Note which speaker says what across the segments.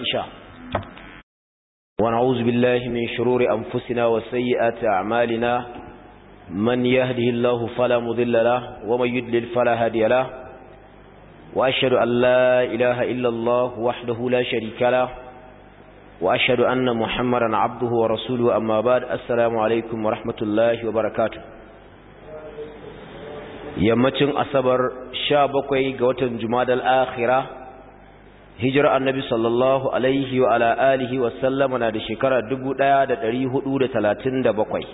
Speaker 1: إشاء ونعوذ بالله من شرور أنفسنا وسيئات أعمالنا من يهده الله فلا مضل له ومن يدلل فلا هادي له وأشهد أن لا إله إلا الله وحده لا شريك له وأشهد أن محمدا عبده ورسوله أما بعد السلام عليكم ورحمة الله وبركاته yammacin asabar 17 ga watan jumadal akhirah Hijrar annabi sallallahu alaihi wa ala alihi wa sallama na da shekara 1437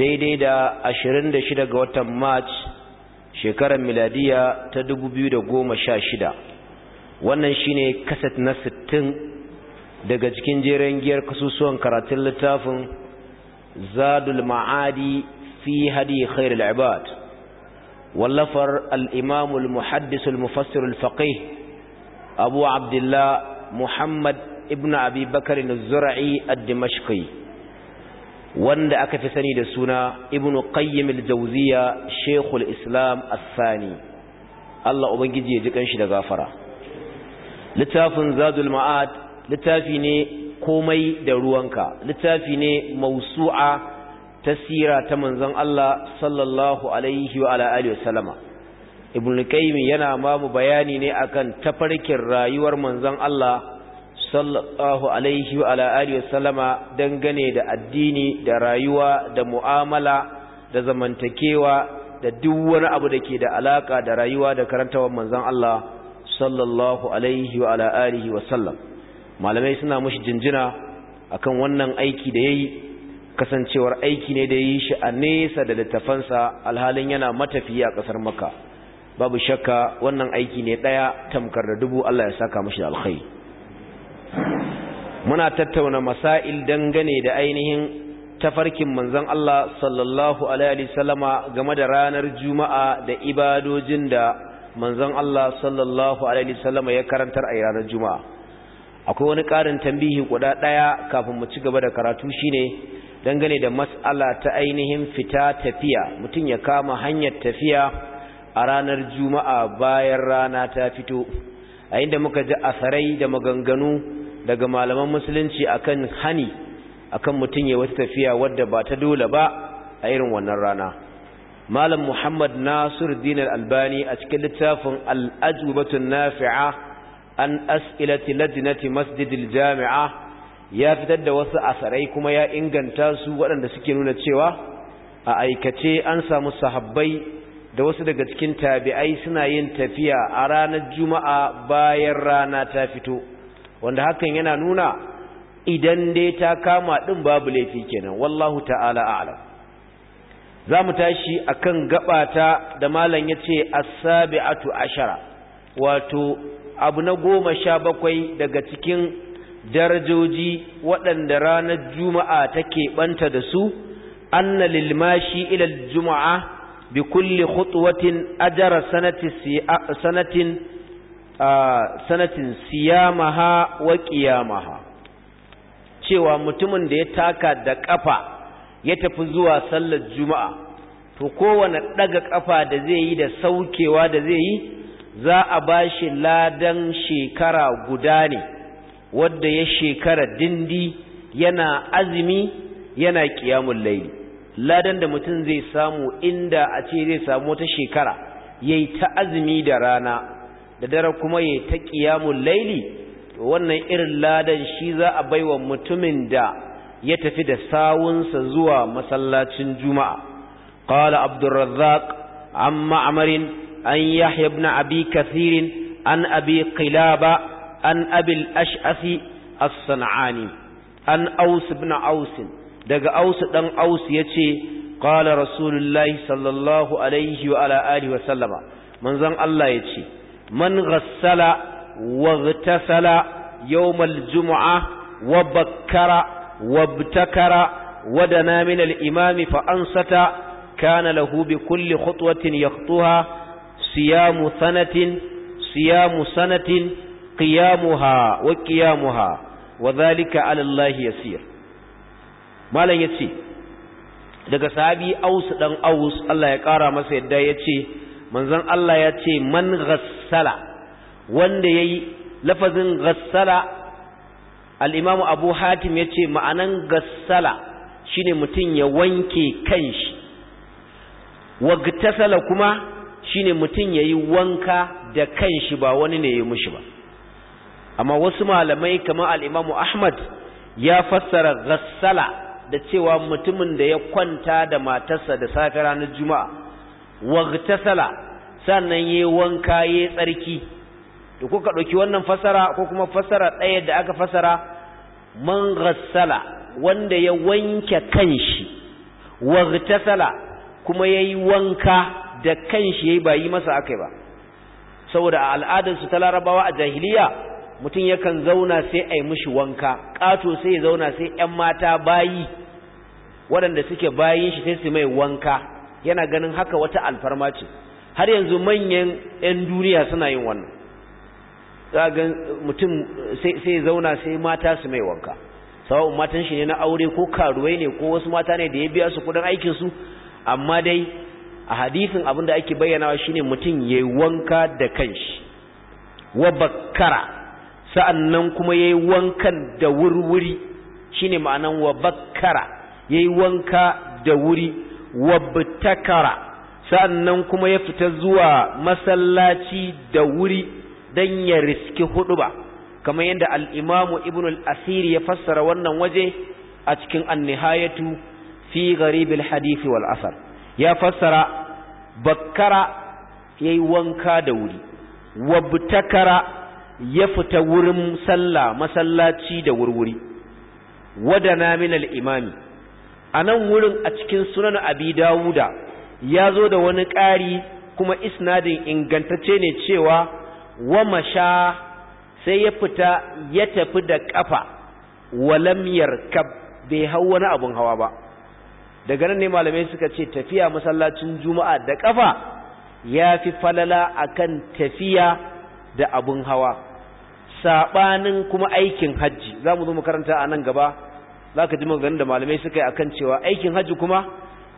Speaker 1: daidai da 26 ga watan march shekarar miladiya ta 2016 wannan shine kaset na 60 daga cikin jeren giyar kasusuwan karatun littafin zadul ma'adi fi hadi khairul ibad wallafar al imamul muhaddisul mufassirul al faqih abu abdullah muhammad ibn abi bakar zura'i ad-dimashqi wanda aka fi sani da suna ibn qayyim al-jawziya islam as-sani Allah ubangiji ya ji kanshi da gafara littafin zadul ma'ad littafi ne komai da ruwanka littafi ne mausu'a ta sira ta manzon Allah sallallahu alaihi wa ala alihi wa sallama ibn qayyim yana ma mu bayani ne akan tafarkin rayuwar manzon Allah sallallahu alaihi wa ala alihi wasallama dangane da addini da rayuwa da mu'amala da zamantakewa da duk wani abu da ke da alaka da rayuwa da karantawar manzon Allah sallallahu alaihi wa ala alihi wasallam malamai suna mushi jinjina akan wannan aiki da yayi kasancewar aiki ne da yi shi a nesa da littafansa alhalin yana matafiya a ƙasar makka babu shakka wannan aiki ne ɗaya tamkar da dubu Allah ya saka mashi alkhairi muna tattauna masail dangane da ainihin tafarkin manzon Allah sallallahu alaihi wasallama game da ranar juma'a da ibadojin da manzon Allah sallallahu alaihi wasallama ya karantar a ranar juma'a akwai wani karin tambihi guda ɗaya kafin mu ci gaba da karatu shine dangane da mas'ala ta ainihin fita tafiya mutum ya kama hanyar tafiya a ranar juma'a bayan rana ta fito a inda muka ji asarai da maganganu daga malaman musulunci akan hani akan mutum ya wata tafiya wadda ba ta dole ba a irin wannan rana malam muhammad nasir dinar albani a cikin littafin al'ajubatun nafi'a an as'ilati ladinati masjidil jami'a ya fitar da wasu asarai kuma ya inganta su waɗanda suke nuna cewa a aikace an samu sahabbai da wasu daga cikin tabi'ai suna yin tafiya a ranar juma'a bayan rana ta fito wanda hakan yana nuna idan dai ta kama din babu laifi kenan wallahu ta'ala a'lam za mu tashi akan gabata da malam yace as-sabi'atu ashara wato abu na goma sha bakwai daga cikin darajoji waɗanda ranar juma'a take banta da su anna lilmashi mashi ila jumaa bi kulli khutwatin ajara sanati sanatin sanatin siyamaha wa qiyamaha cewa mutumin da ya taka da kafa ya tafi zuwa sallar juma'a to kowane daga kafa da zai yi da saukewa da zai yi za a bashi ladan shekara guda ne wadda ya shekara dindi yana azumi yana qiyamul layli ladan da mutum zai samu inda a ce zai samu wata shekara yayi ta azumi da rana da dare kuma yayi ta ƙiyamu laili wannan irin ladan shi za a baiwa mutumin da ya tafi da sawunsa zuwa masallacin juma'a ƙala abdurrazzaq an ma'marin an yahya ibn abi an abi qilaba an abi al as-san'ani an aus ibn aus daga ausu ɗan ausu yace ƙala rasulullahi sallallahu alaihi wa wa sallama manzon Allah yace man ghassala waghtasala yawmal jumu'a wa bakkara wabtakara wa dana min al kana lahubi kulli kulli khutwatin yaqtuha siyamu sanatin siyamu sanatin ƙiyamuha wa ƙiyamuha, wa zalika ala yasir malam ya ce, daga sahabi aus ɗan aus Allah ya ƙara masa yadda ya ce, manzon Allah ya ce man ghassala wanda yayi lafazin ghassala al-imam abu hatim ya yace ma'anan ghassala shine mutun ya wanke kanshi wagtasala kuma shine mutun yayi wanka da kanshi ba wani ne ya mushi ba amma wasu malamai kamar al ahmad ya fassara ghassala da cewa mutumin da ya kwanta da matarsa da safe ranar juma'a waghtasala sannan yayi wanka yayi tsarki to kuka ɗauki wannan fasara ko kuma fasara ɗaya da aka fasara man ghassala wanda ya wanke kanshi waghtasala kuma yayi wanka da kanshi yayi ba yi masa akai ba saboda a al'adarsu ta larabawa a jahiliya mutum yakan zauna sai a yi mishi wanka ƙato sai ya zauna sai ‘yan mata bayi waɗanda suke bayin shi sai su mai wanka yana ganin haka wata alfarma ce har yanzu manyan 'yan duniya suna yin wannan za ga mutum sai zauna sai mata su mai wanka sawa'un matan shi ne na aure ko karuwai ne ko wasu mata ne da ya biya su kudin aikinsu amma dai a hadisin abin da ake bayyanawa ne mutum ya yi wanka da kanshi wa bakkara nan kuma ya yi wankan da wurwuri shine ma'anan wa bakkara yayi wanka da wuri wabtakara sannan kuma ya fita zuwa masallaci da wuri dan ya riski huduba kamar yadda al imamu Ibn al ya fassara wannan waje a cikin an-nihayatu fi gharib al-hadith wal asar ya fassara bakkara yayi wanka da wuri wabtakara ya fita wurin sallah masallaci da wurwuri wadana min al-imami a nan wurin a cikin sunan abi dawuda ya zo da wani ƙari kuma isnadin ingantacce ne cewa wa masha sai ya fita ya tafi da ƙafa walam yarkab bai hau wani abun hawa ba daga nan ne malamai suka ce tafiya masallacin juma'a da ƙafa ya fi falala akan tafiya da abun hawa saɓanin kuma aikin hajji za mu zo mu karanta a nan gaba za ka ji maganin da malamai suka yi akan cewa aikin hajji kuma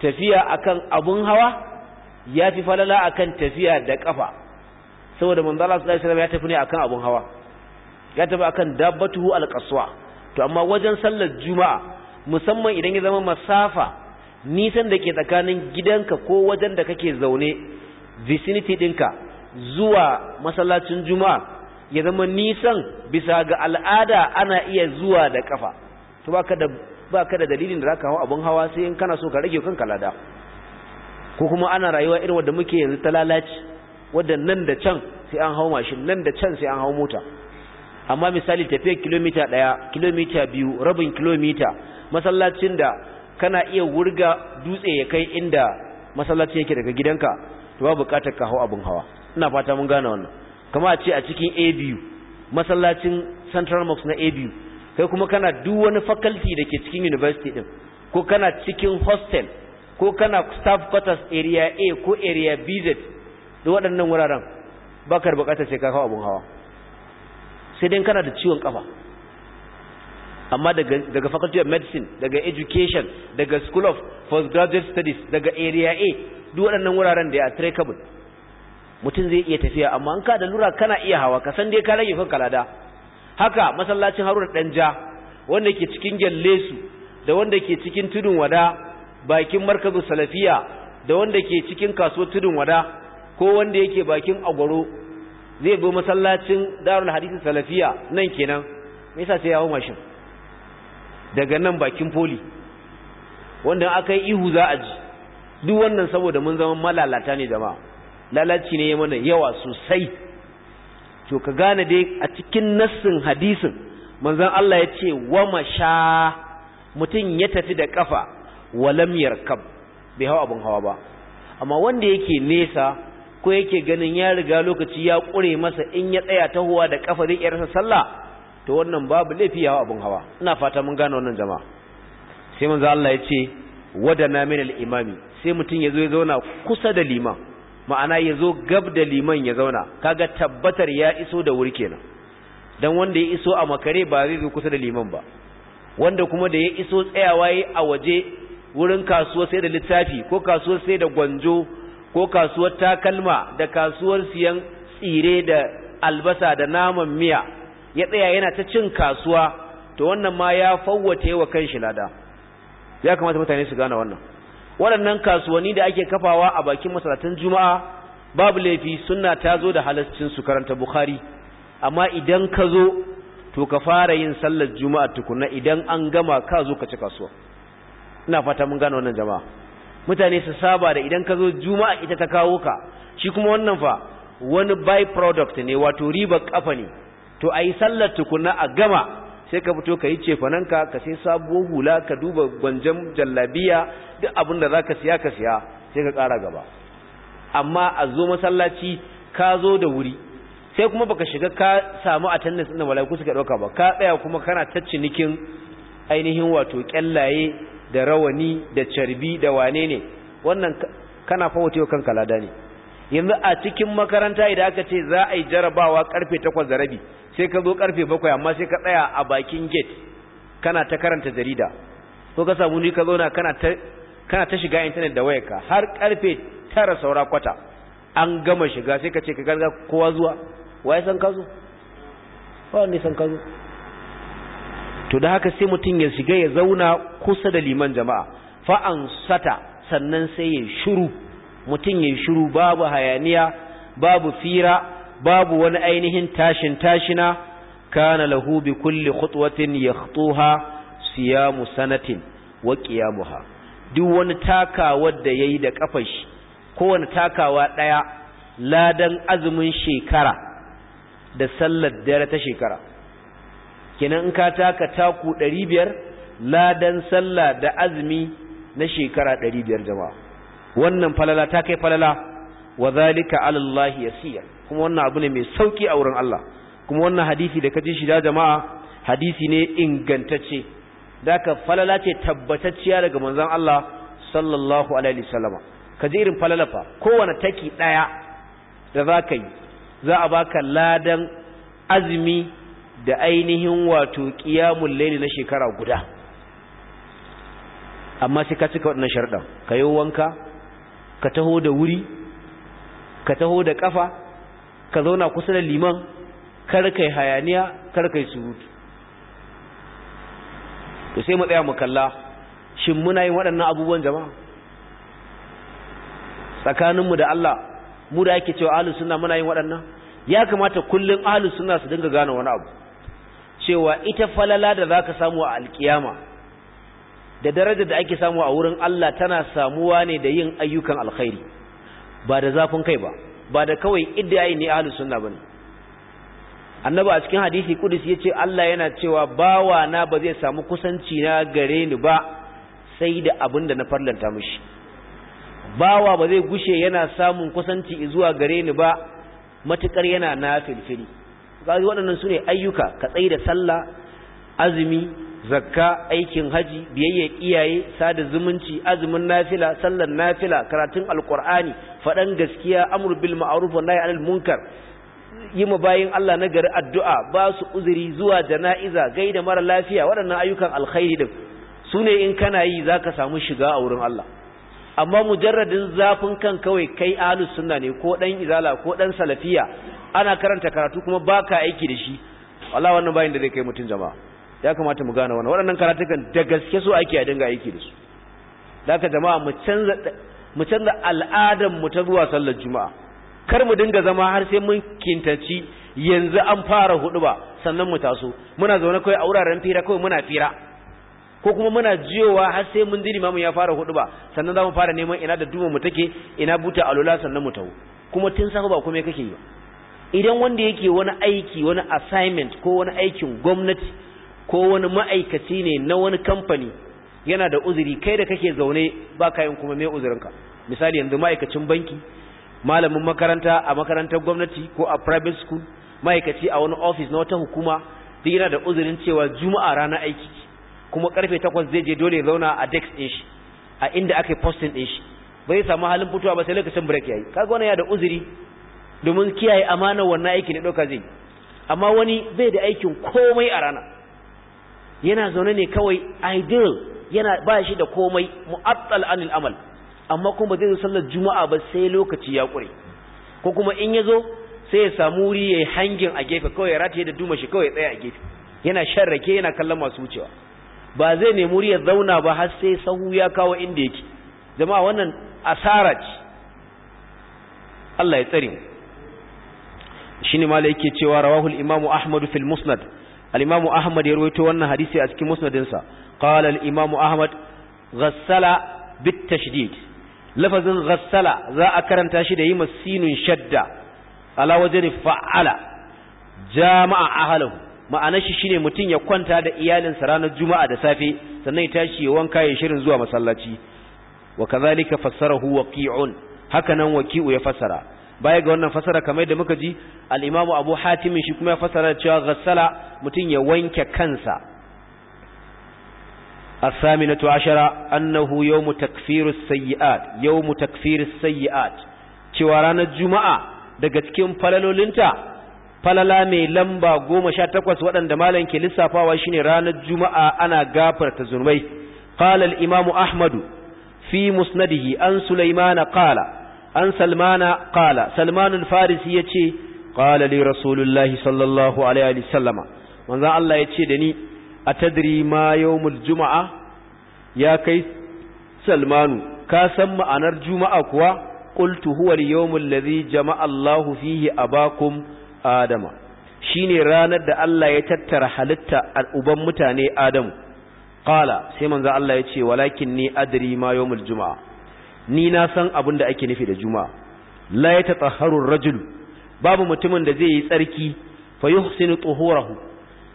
Speaker 1: tafiya akan abun hawa ya fi falala akan tafiya da kafa saboda manzala sallallahu alaihi wasallam ya tafi ne akan abun hawa ya tafi akan dabbatuhu alqaswa to amma wajen sallar juma'a musamman idan ya zama masafa nisan da ke tsakanin gidanka ko wajen da kake zaune vicinity ɗinka zuwa masallacin juma'a ya zama nisan bisa ga al'ada ana iya zuwa da kafa to baka da baka da dalilin da zaka hau abun hawa sai in kana so ka rage kanka lada ko kuma ana rayuwa irin wanda muke yanzu ta lalaci wanda nan da can sai an hau mashin nan da can sai an hau mota amma misali tafiyar kilomita ɗaya kilomita biyu rabin kilomita masallacin da kana iya wurga dutse ya kai inda masallacin yake daga gidanka to ba ka hau abun hawa ina fata mun gane wannan kamar a ce a cikin ABU masallacin Central Mosque na ABU kai kuma kana duk wani faculty da ke cikin university din ko kana cikin hostel ko kana staff quarters area A ko area BZ da waɗannan wuraren baka da bukatar sai ka kawo abun hawa sai dai kana da ciwon kafa amma daga daga faculty of medicine daga education daga school of postgraduate studies daga area A duk waɗannan wuraren da ya trackable mutum zai iya tafiya amma an ka da lura kana iya hawa ka san dai ka rage kanka lada haka masallacin haruna danja wanda ke cikin gyallesu da wanda ke cikin tudun wada bakin markazu salafiya da wanda ke cikin kasuwar tudun wada ko wanda yake bakin agwaro zai bi masallacin darul hadisi salafiya nan kenan me yasa sai ya hawo mashin daga nan bakin poli wanda aka ihu za a ji duk wannan saboda mun zama malalata ne jama'a lalaci ne ya mana yawa sosai to ka gane dai a cikin nassin hadisin manzon Allah ya ce wa masha mutum ya tafi da kafa walam yarkab bai hawa abun hawa ba amma wanda yake nesa ko yake ganin ya riga lokaci ya kure masa in ya tsaya ta tahowa da kafa zai yarsa sallah to wannan babu laifi ya hawa abun hawa ina fata mun gane wannan jama'a sai manzon Allah ya ce wadana min al-imami sai mutum ya zo ya zauna kusa da liman ma'ana ya zo gab da liman ya zauna kaga tabbatar ya iso da wuri kenan dan wanda ya iso a makare ba zai zo kusa da liman ba wanda kuma da ya iso tsayawa yi a waje wurin kasuwar sai da littafi ko kasuwar sai da gwanjo ko kasuwar takalma da kasuwar siyan tsire da albasa da naman miya ya tsaya yana ta cin kasuwa to wannan ma ya fawwace wa shi lada ya kamata mutane su gane wannan waɗannan kasuwanni da ake kafawa a bakin masalatan juma'a babu laifi suna ta zo da halascin su karanta bukhari amma idan ka zo to ka fara yin sallar juma'a tukuna idan an gama ka zo ka ci kasuwa ina fata mun gane wannan jama'a mutane su saba da idan ka zo juma'a ita ta kawo ka shi kuma wannan fa wani by product ne wato riba kafa ne to a yi sallar tukuna a gama sai ka fito ka yi cefananka ka sai sabuwar hula ka duba gwanjan jallabiya duk abin da za ka siya ka siya sai ka ƙara gaba amma a zo masallaci ka zo da wuri sai kuma baka shiga ka samu tannis ɗin da mala'iku suka ɗauka ba ka tsaya kuma kana ta cinikin ainihin wato ƙyallaye da rawani da carbi da wane ne wannan kana fa wato kanka lada ne yanzu a cikin makaranta idan aka ce za a yi jarabawa karfe 8 da rabi sai ka zo karfe bakwai amma sai ka tsaya a bakin gate kana ta karanta jarida ko ka samu ni ka zauna kana ta kana ta shiga intanet da wayarka har karfe tara saura kwata an gama shiga sai ka ce ka garga kowa zuwa waye san ka zo wanda san ka zo to da haka sai mutum ya shiga ya zauna kusa da liman jama'a fa an sata sannan sai ya shiru mutum ya shiru babu hayaniya babu fira babu wani ainihin tashin tashina kana lahu bi kulli khutwatin yakhtuha siyamu sanatin wa qiyamuha duk wani takawa da yayi da kafar shi kowane takawa daya ladan azumin shekara da sallar dare ta shekara kenan in ka taka taku 500 ladan sallah da azumi na shekara 500 jama'a wannan falala ta kai falala wa zalika ala Allah yasiya kuma wannan abu ne mai sauki a wurin Allah kuma wannan hadisi da ji shi da jama'a hadisi ne ingantacce daka falala ce tabbatacciya daga manzon Allah sallallahu alaihi wasallama irin falala fa kowanne taki daya da zaka yi za a baka ladan azumi da ainihin wato qiyamul layli na shekara guda amma sai ka cika waɗannan sharɗan ka yi wanka ka taho da wuri ka taho da kafa ka zauna kusa da liman kar kai hayaniya kar kai surutu to sai mu tsaya mu kalla shin muna yin waɗannan abubuwan jama'a tsakaninmu da Allah mu da ake cewa ahlus sunna muna yin waɗannan ya kamata kullum ahlus sunna su dinga gane wani abu cewa ita falala da zaka samu a alkiyama da darajar da ake samu a wurin Allah tana samuwa ne da yin ayyukan alkhairi ba da zafin kai ba ba da kawai iddiyayi ne ahlus sunna bane annabi a cikin hadisi kudus yace Allah yana cewa bawa na ba zai samu kusanci na gare ni ba sai da abin da na farlanta mishi bawa ba zai gushe yana samun kusanci zuwa gare ni ba matukar yana na filfili ga waɗannan sune ayyuka ka da sallah azumi zakka aikin haji biyayya iyaye sada zumunci azumin nafila sallar nafila karatun alqur'ani fadan gaskiya amru bil ma'ruf wa anil munkar yi ma bayin Allah na gari addu'a ba su uzuri zuwa jana'iza gaida mara lafiya waɗannan ayyukan alkhairi din su ne in kana yi zaka samu shiga a wurin Allah amma mujarradin zafin kan kawai kai ahlus sunna ne ko dan izala ko dan salafiya ana karanta karatu kuma baka aiki da shi wallahi wannan bayin da zai kai mutun jama'a ya kamata mu gane wannan waɗannan karatukan da gaske su ake a dinga aiki da su daga jama'a mu canza mu canza al'adar mu ta zuwa sallar juma'a kar mu dinga zama har sai mun kintaci yanzu an fara hudu ba sannan mu taso muna zaune kai a wuraren fira kai muna fira ko kuma muna jiyowa har sai mun jini mamun ya fara huduba ba sannan zamu fara neman ina da duma mu take ina buta alula sannan mu tawo kuma tun safa ba kuma kake yi idan wanda yake wani aiki wani assignment ko wani aikin gwamnati ko wani ma'aikaci ne na wani kamfani yana da uzuri kai da kake zaune ba kayan kuma mai uzurinka misali yanzu ma'aikacin banki malamin makaranta a makarantar gwamnati ko a private school ma'aikaci a wani ofis na wata hukuma duk yana da uzurin cewa juma'a rana aiki kuma karfe takwas zai je dole ya zauna a desk din shi a inda aka yi posting din shi bai samu halin fitowa ba sai lokacin break yayi kaga wannan ya da uzuri domin kiyaye amana wannan aiki da doka zai amma wani bai da aikin komai a rana yana zaune ne kawai idol yana ba shi da komai mu'attal anil amal amma kuma ba zai zo sallar juma'a ba sai lokaci ya kure ko kuma in ya zo sai ya samu wuri ya yi hangin a gefe kawai ya rataye da duma shi kawai ya tsaya a gefe yana shan rake yana kallon masu wucewa ba zai nemi wuri ya zauna ba har sai sahu ya kawo inda yake jama'a wannan asara ce Allah ya tsare mu shine malai yake cewa rawahul imamu ahmadu fil musnad al-imamu ahmad ya rawaito wannan hadisi a cikin musnadin sa qala al-imamu ahmad ghassala bit tashdid lafazin ghassala za a karanta shi da yi masinun shadda ala wajhi fa'ala jama'a ahlahu ma'anar shi shine mutum ya kwanta da iyalinsa ranar juma'a da safe sannan ya tashi ya wanka ya shirin zuwa masallaci wa kazalika fassarahu waqi'un hakanan waqi'u ya fassara baya ga wannan fasara kamar da muka ji al imam abu Hatim shi kuma ya fasara cewa ghassala mutum ya wanke kansa as-saminatu ashara annahu yawmu takfirus as-sayyi'at yawmu takfirus sayyiat cewa ranar juma'a daga cikin falalolinta falala mai lamba 18 waɗanda malam ke lissafawa shine ranar juma'a ana gafarta zunubai qala al-imamu ahmadu fi musnadihi an Sulaiman qala an salmana qala salmanul farisi yace qala li rasulullahi sallallahu alaihi wasallama manzo Allah yace da ni atadri ma yawmul jumaa ya kai salmanu ka san ma'anar juma'a kuwa qultu huwa al-yawmul jama'a Allahu fihi abakum adama shine ranar da Allah ya tattara halitta al'uban mutane adamu kala sai manzo Allah yace walakin ni adri ma yawmul jumaa ni na san abin da ake nufi da juma'a la ya rajul babu mutumin da zai yi tsarki fa yuhsinu tuhurahu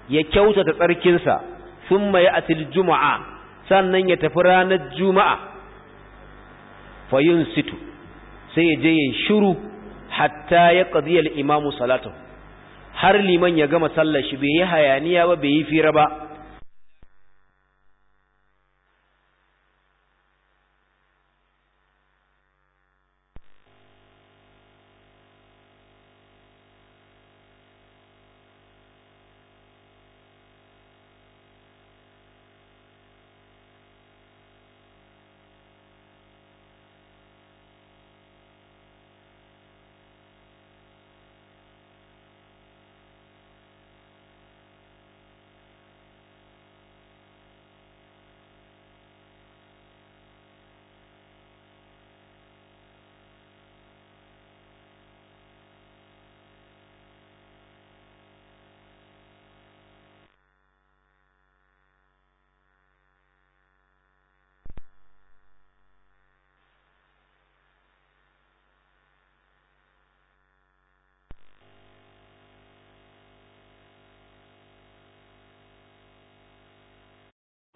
Speaker 1: ya kyautata tsarkinsa thumma maye al juma'a. sannan ya tafi ranar juma'a fa yunsitu sai ya je yin shiru hatta ya qadiya al-imamu salatu har liman ya gama sallar shi bai yi hayaniya ba bai yi fira ba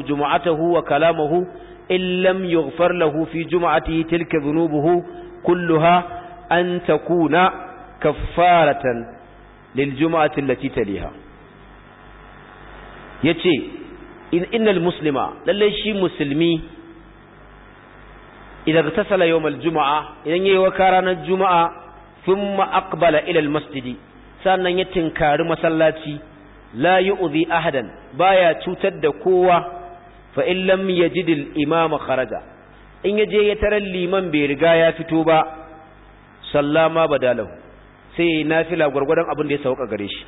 Speaker 1: jumu'atahu wa kalamahu in lam yughfar lahu fi jumu'atihi tilka dhunubuhu kulluha an takuna kaffaratan lil jumu'ati allati taliha yace in innal muslima lalle shi musulmi idan tasala yawmal jumu'a idan yayi waka ranar Juma'a, thumma ma ila ilal masjidi sannan ya tinkari masallaci la yu'zi ahadan baya cutar da kowa fa in lam ya ji imama kharaja in je ya tarar liman bai riga ya fito ba sallama badalahu sai yayi nafila gwargwadon abin da ya sauka gare shi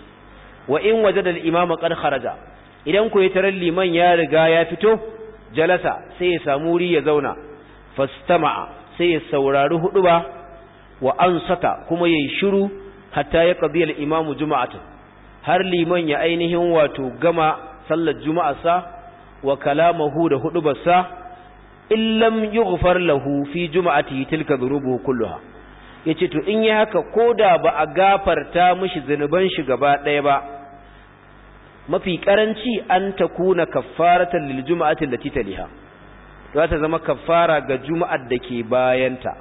Speaker 1: wa in waje al imama qad kharaja idan ku ya tarar liman ya riga ya fito jalasa sai ya samu wuri ya zauna fastama'a sai ya saurari ba wa an saka kuma yayi shiru hatta ya qadi al imamu har liman ya ainihin wato gama sallar juma'arsa wa kalamahu da hudubarsa lam yughfar lahu fi juma'atihi tilka dhurubu kulluha yace to in yi haka koda ba a gafarta mishi zanuban shi gaba ɗaya ba mafi karanci an takuna kaffaratan lil juma'ati allati taliha za ta zama kaffara ga juma'ar da ke bayanta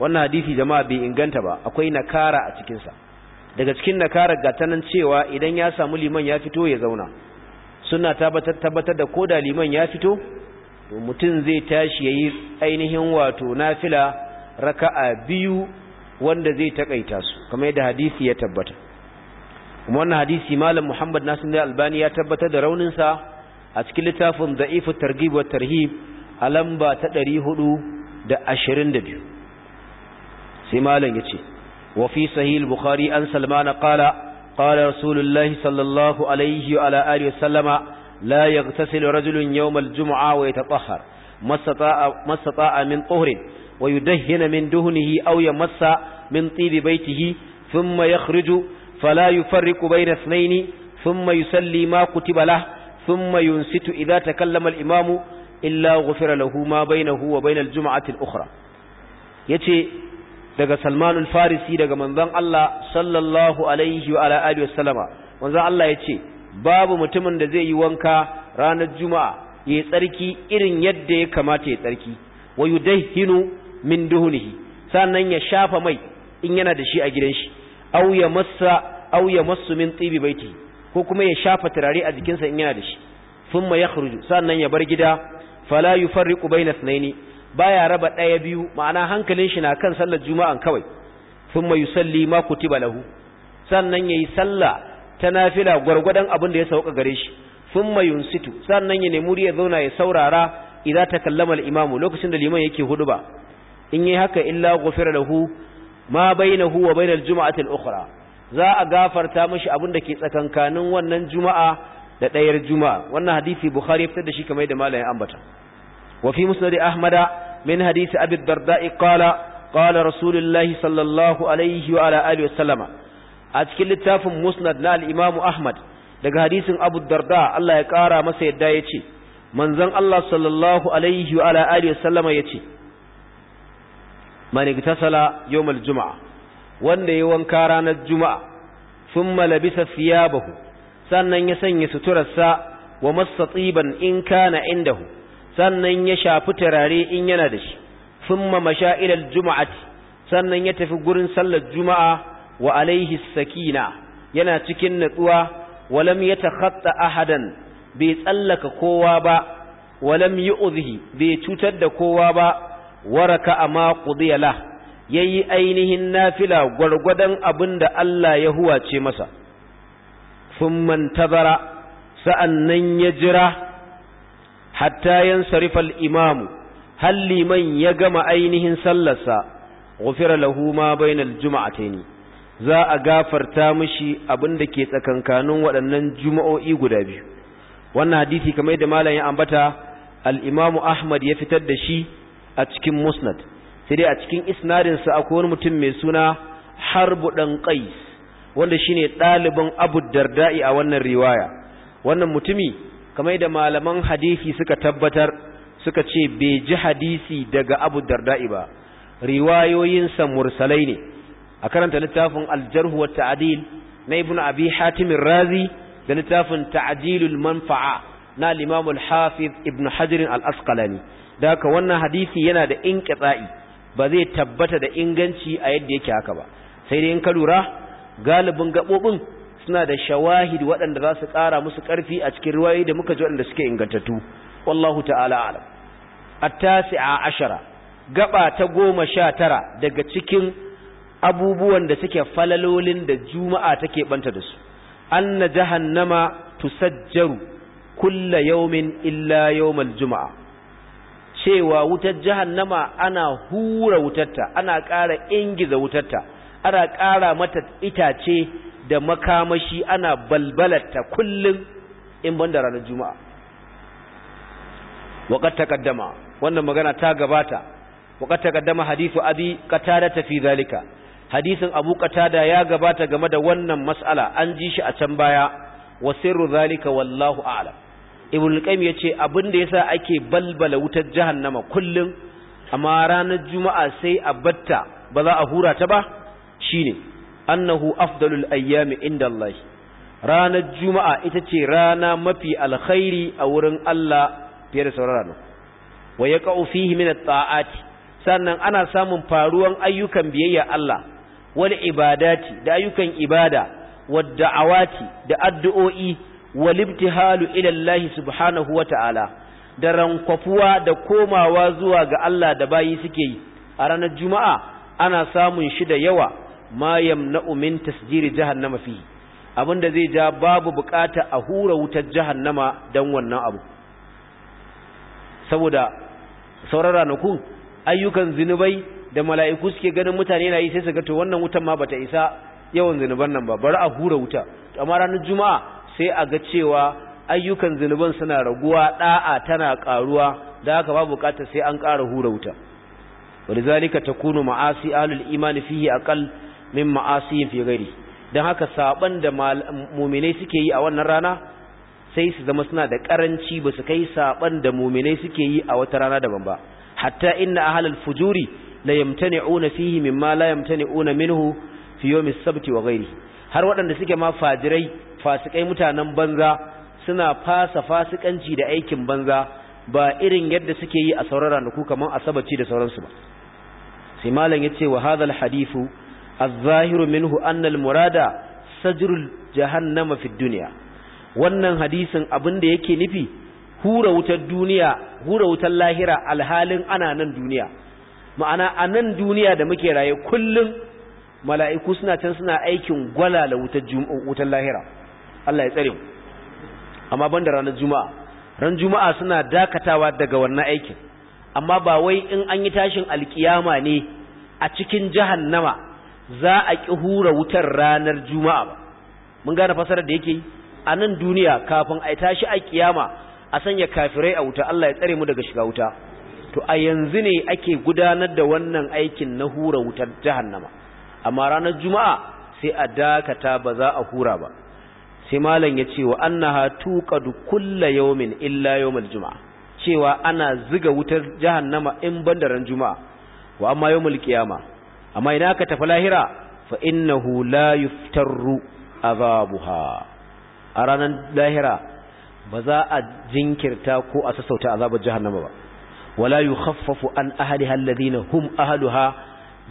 Speaker 1: wannan hadisi jama'a bai inganta ba akwai nakara a cikinsa daga cikin nakara ga tanan cewa idan ya samu liman ya fito ya zauna suna tabbatar tabbatar da ko da liman ya fito to mutum zai tashi yayi ainihin wato nafila raka'a biyu wanda zai takaita su kamar yadda hadisi ya tabbata kuma wannan hadisi malam Muhammad Nasir Albani ya tabbatar da raunin sa a cikin littafin Da'ifu Targhib wa Tarhib a lamba ta 422 sai malam yace wa fi sahih al-Bukhari an salmana qala قال رسول الله صلى الله عليه وعلى آله وسلم لا يغتسل رجل يوم الجمعة ويتطهر ما استطاع, ما استطاع من طهر ويدهن من دهنه أو يمس من طيب بيته ثم يخرج فلا يفرق بين اثنين ثم يسلي ما كتب له ثم ينست إذا تكلم الإمام إلا غفر له ما بينه وبين الجمعة الأخرى يتي daga Salman farisi daga manzon Allah sallallahu alaihi wa alihi wasallama manzon Allah yace babu mutumin da zai yi wanka ranar juma'a ya tsarki irin yadda ya kamata ya tsarki wa min duhunihi sannan ya shafa mai in yana da shi a gidan shi aw ya massa aw ya massu min tibi baiti ko kuma ya shafa turare a jikinsa in yana da shi thumma yakhruju sannan ya bar gida fala yufarriqu bayna ithnaini baya raba ɗaya biyu ma'ana hankalin shi na kan sallar juma'an kawai thumma yusalli ma kutiba lahu sannan yayi sallah ta nafila gwargwadon abin da ya sauka gare shi thumma yunsitu sannan ya nemi ya zauna ya saurara idan ta kallama imamu lokacin da liman yake huduba in yi haka illa ghufira lahu ma bainahu wa juma'a juma'ati al ukura za a gafarta mashi abin da ke tsakankanin wannan juma'a da ɗayar juma'a wannan hadisi bukhari ya fitar da shi kamar da malamin ambata وفي مسند أحمد من حديث أبي الدرداء قال قال رسول الله صلى الله عليه وعلى آله وسلم أتكي لتاف مسند نا الإمام أحمد لك حديث أبو الدرداء الله يقارى ما سيدا يتي من زن الله صلى الله عليه وعلى آله وسلم يتي من اغتسل يوم الجمعة وان يوان كاران الجمعة ثم لبس ثيابه سنن يسن يسترسا ومس طيبا إن كان عنده sannan ya shafi turare in yana da shi thumma masha ila sannan ya tafi gurin sallar juma'a wa alaihi sakina yana cikin natsuwa walam yatakhatta ahadan bai tsallaka kowa ba walam yu'dhihi bai cutar da kowa ba waraka ama qudiya la yayi ainihin nafila gwargwadon abinda Allah ya huwace masa thumma tazara sa'annan ya jira hatta yansarifa al-imamu hal liman ya gama ainihin sallarsa ghufira lahu ma bainal juma'ataini za a gafarta abin abinda ke tsakankanin waɗannan juma'o'i guda biyu wannan hadisi kamar yadda malam ya ambata al-imamu ahmad ya fitar da shi a cikin musnad sai dai a cikin isnadinsa sa akwai mutum mai suna harbu ɗan qais wanda shine ɗaliban abu darda'i a wannan riwaya wannan mutumi kamar da malaman hadisi suka tabbatar suka ce bai ji hadisi daga abu darda'i ba riwayoyin sa mursalai ne a karanta littafin aljarhu wa ta'adil na ibn abi hatimin razi da littafin ta'adilul manfa'a na limamul hafiz ibn hajirin al-asqalani da haka wannan hadisi yana da inqita'i ba zai tabbata da inganci a yadda yake haka ba sai dai in ka lura galibin gabobin suna da shawahid waɗanda za su ƙara musu ƙarfi a cikin ruwayoyi da muka ji waɗanda suke ingantattu wallahu ta'ala alam at-tasi'a ashara gaba ta goma sha tara daga cikin abubuwan da suke falalolin da juma'a take banta da su anna jahannama tusajjaru kulla yawmin illa yawmal juma'a cewa wutar jahannama ana hura wutarta ana ƙara ingiza wutarta ana ƙara mata itace da makamashi ana balbalata kullum in banda ranar juma'a waqad ƙaddama wannan magana ta gabata waqad taqaddama hadithu abi ta fi zalika hadisin abu ƙatada ya gabata game da wannan matsala an ji shi a can baya wa sirru zalika wallahu a'lam ibn qayyim yace abin da yasa ake balbala wutar jahannama kullum amma ranar juma'a sai a batta ba za a hura ta ba shine annahu afdalul ayyami inda Allah ranar juma'a ita ce rana mafi alkhairi a wurin Allah fiye da sauran ranar wa yaqa'u fihi min at-ta'ati sannan ana samun faruwan ayyukan biyayya Allah wal ibadati da ayyukan ibada wad da'awati da addu'o'i wal ibtihalu ila Allah subhanahu wa ta'ala da rankwafuwa da komawa zuwa ga Allah da bayi suke yi a ranar juma'a ana samun shi da yawa ma yamna'u min tasjir jahannama fi abinda zai ja babu bukata a hura wutar jahannama dan wannan abu saboda sauran ranakun ayyukan zinubai da mala'iku suke ganin mutane na yi sai su ga to wannan wutan ma bata isa yawan zinuban nan ba bari a hura wuta amma ranar juma'a sai a ga cewa ayyukan zinuban suna raguwa da'a tana karuwa da haka babu bukatar sai an ƙara hura wuta walizalika takunu ma'asi ahlul imani fihi aqall min ma'asiyin fi gari don haka saban da muminai suke yi a wannan rana sai su zama suna da karanci ba su kai saban da muminai suke yi a wata rana daban ba hatta inna ahlal fujuri la yamtani'una fihi mimma la yamtani'una minhu fi yawmis sabti wa ghairi har waɗanda suke ma fajirai fasikai mutanen banza suna fasa fasikanci da aikin banza ba irin yadda suke yi a sauran ranaku kamar asabaci da sauransu ba sai malam yace wa hadha al hadithu az-zahiru minhu anna murada sajrul jahannama fi wannan hadisin abin da yake nufi hura wutar duniya hura wutar lahira alhalin ana nan duniya ma'ana a nan duniya da muke raye kullum mala'iku suna can suna aikin gwala wutar wutar lahira Allah ya tsare mu amma da ranar juma'a ran juma'a suna dakatawa daga wannan aikin amma ba wai in an yi tashin alkiyama ne a cikin jahannama za a ƙi hura wutar ranar juma'a ba mun gane fasarar da yake a nan duniya kafin a tashi a ƙiyama a sanya kafirai a wuta Allah ya tsare mu daga shiga wuta to a yanzu ne ake gudanar da wannan aikin na hura wutar nama. amma ranar juma'a sai a dakata ba za a hura ba sai malam ya ce wa annaha tuqadu kulla yawmin illa yawmal juma'a cewa ana ziga wutar jahannama in ban da ran juma'a wa amma yawmul qiyama amma idan aka tafi lahira fa innahu la yuftarru azabuha a ranar lahira ba za a jinkirta ko a sassauta azabar jahannama ba wala yukhaffafu an ahliha alladhina hum ahluha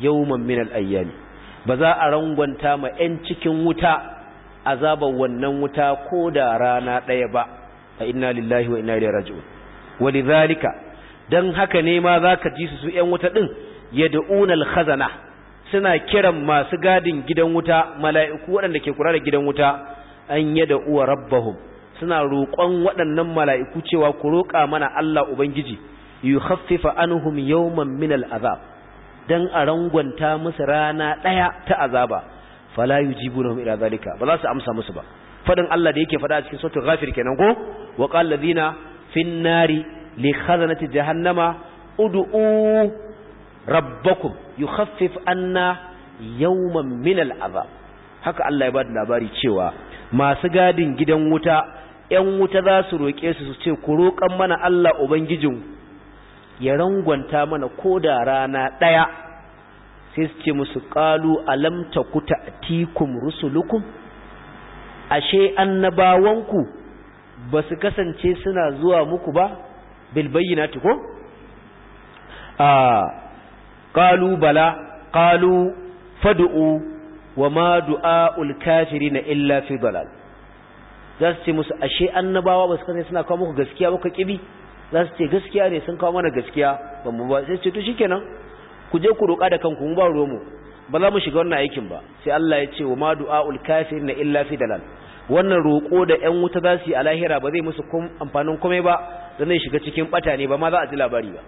Speaker 1: yawman min al-ayyam ba za a rangwanta ma 'yan cikin wuta azabar wannan wuta ko da rana ɗaya ba a inna lillahi wa inna ilaihi raji'un walidhalika dan haka ne ma zaka ji su su 'yan wuta din yad'una al-khazana suna kiran masu gadin gidan wuta mala'iku waɗanda ke kula da gidan wuta an yada uwa rabbahum suna roƙon waɗannan mala'iku cewa ku roƙa mana Allah ubangiji yukhaffifa anhum yawman minal azab dan a rangwanta musu rana ɗaya ta azaba fala yujibunahum ila zalika ba za su amsa musu ba faɗin Allah da yake fada a cikin suratul ghafir kenan ko wa qala ladina fin nari li khazanati jahannama ud'u rabbakum yukhaffif anna yawman min al'azab haka Allah ya bada labari cewa masu gadin gidan wuta ƴan wuta za su roƙe su su ce ku roƙan mana Allah ubangijin ya rangwanta mana ko da rana ɗaya sai su ce musu qalu alam takuta atikum rusulukum ashe annabawanku ba su kasance suna zuwa muku ba bil bayyinati ko a ah, qalu bala qalu fad'u wa ma du'aul kafirin illa fi dalal za su ce musu ashe annabawa ba su kasance suna kawo muku gaskiya ba ka kibi za su ce gaskiya ne sun kawo mana gaskiya ba mu ba sai ce to shikenan ku je ku roƙa da kanku mu ba romo ba za mu shiga wannan aikin ba sai Allah ya ce wa ma du'aul kafirin illa fi dalal wannan roƙo da ƴan wuta za su yi a lahira ba zai musu amfanin komai ba da zai shiga cikin bata ne ba ma za a ji labari ba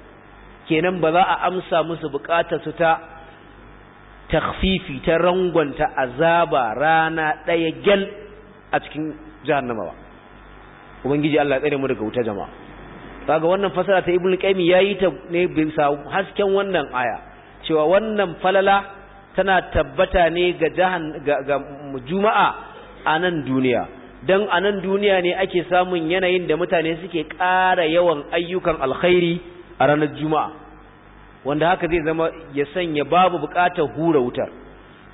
Speaker 1: kenan ba za a amsa musu bukatar su ta takhfifi ta rangwanta azaba rana ɗaya gyal a cikin jahannama ba ubangiji Allah ya tsare mu daga wuta jama'a kaga wannan fasara ta ibnu qayyim yayi ta ne bisa hasken wannan aya cewa wannan falala tana tabbata ne ga jahan ga, juma'a a nan duniya dan a nan duniya ne ake samun yanayin da mutane suke ƙara yawan ayyukan alkhairi a ranar juma'a wanda haka zai zama ya sanya babu bukatar hura wutar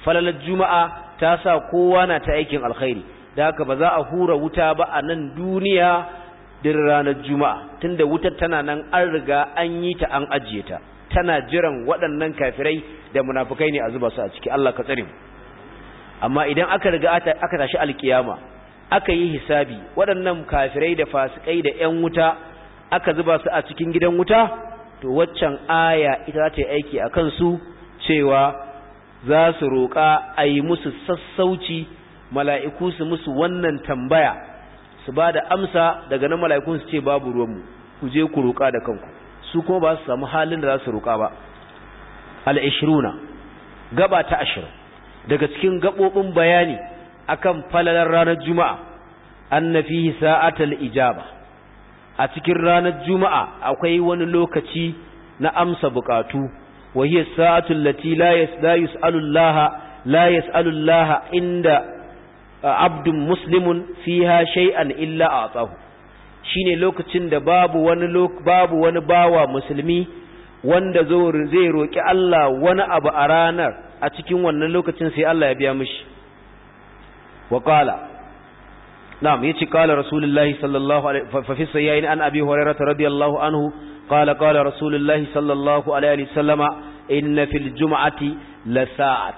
Speaker 1: falalar juma'a ta sa kowa na ta aikin alkhairi da haka ba za a hura wuta ba a nan duniya din ranar juma'a tunda wutar tana nan an riga an yi ta an ajiye ta tana jiran waɗannan kafirai da munafukai ne a zuba su a ciki Allah ka tsare amma idan aka riga aka tashi alkiyama aka yi hisabi waɗannan kafirai da fasikai da ƴan wuta aka zuba su a cikin gidan wuta to waccan aya ita za ta yi aiki a kansu cewa za su roƙa a yi musu sassauci mala'iku su musu wannan tambaya su ba da amsa daga nan mala’iku su ce babu ruwanmu ku je ku roƙa da kanku su kuma ba su samu halin da za su roƙa ba al'ishiruna gaba ta ashirin daga cikin gaɓoɓin bayani akan falalar ranar juma'a an na fi sa'atar ijaba a cikin ranar juma'a akwai wani lokaci na amsa bukatu wa hiya sa'atu allati la yas'alu Allah inda abdun muslimun ha shai'an illa shi ne lokacin da babu wani bawa musulmi wanda zai roƙi Allah wani abu a ranar a cikin wannan lokacin sai Allah ya biya mishi wa نعم يتي قال رسول الله صلى الله عليه ففي الصحيحين عن أبي هريرة رضي الله عنه قال قال رسول الله صلى الله عليه وسلم إن في الجمعة لساعة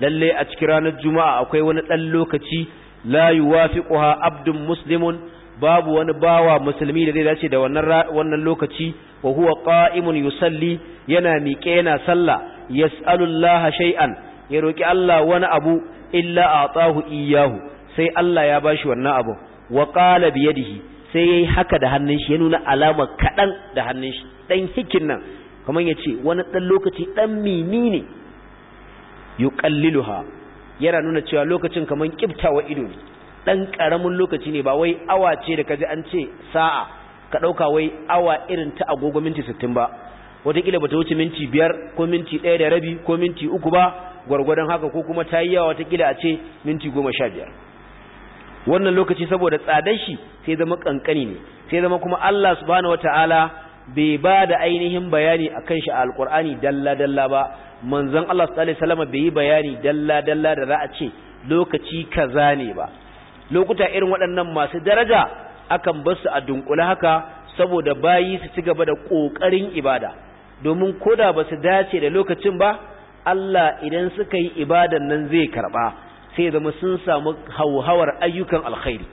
Speaker 1: للي أتكران الجمعة أكوي ونتلوكتي لا يوافقها عبد مسلم babu wani bawa musulmi da zai dace da wannan lokaci wa huwa qa'imun yusalli yana miƙe yana sallah yas'alullaha shay'an ya roki Allah wani abu illa a'tahu iyyahu sai Allah ya ba shi wannan abu wa qala bi yadihi sai yayi haka da hannun shi ya nuna alama kadan da hannun shi dan hikin nan kamar yace wani dan lokaci dan mimi ne yuqalliluha yana nuna cewa lokacin kamar kiftawa ido ne dan karamin lokaci ne ba wai awa ce da kaji an ce sa'a ka dauka wai awa irin ta agogo minti 60 ba wataƙila ba ta wuce minti biyar ko minti ɗaya da rabi ko minti uku ba gwargwadon haka ko kuma ta yi yawa watakila a ce minti goma sha biyar wannan lokaci saboda tsadar shi sai zama kankani ne sai zama kuma Allah subhanahu wataala bai ba da ainihin bayani akan shi a alqur'ani dalla dalla ba manzon Allah sallallahu alaihi wasallam bai yi bayani dalla dalla da za a ce lokaci kaza ne ba lokuta irin waɗannan masu daraja akan bar a dunkule haka saboda bayi su ci gaba da kokarin ibada domin koda ba su dace da lokacin ba Allah idan suka yi ibadan nan zai karba sai zama sun samu hauhawar ayyukan alkhairi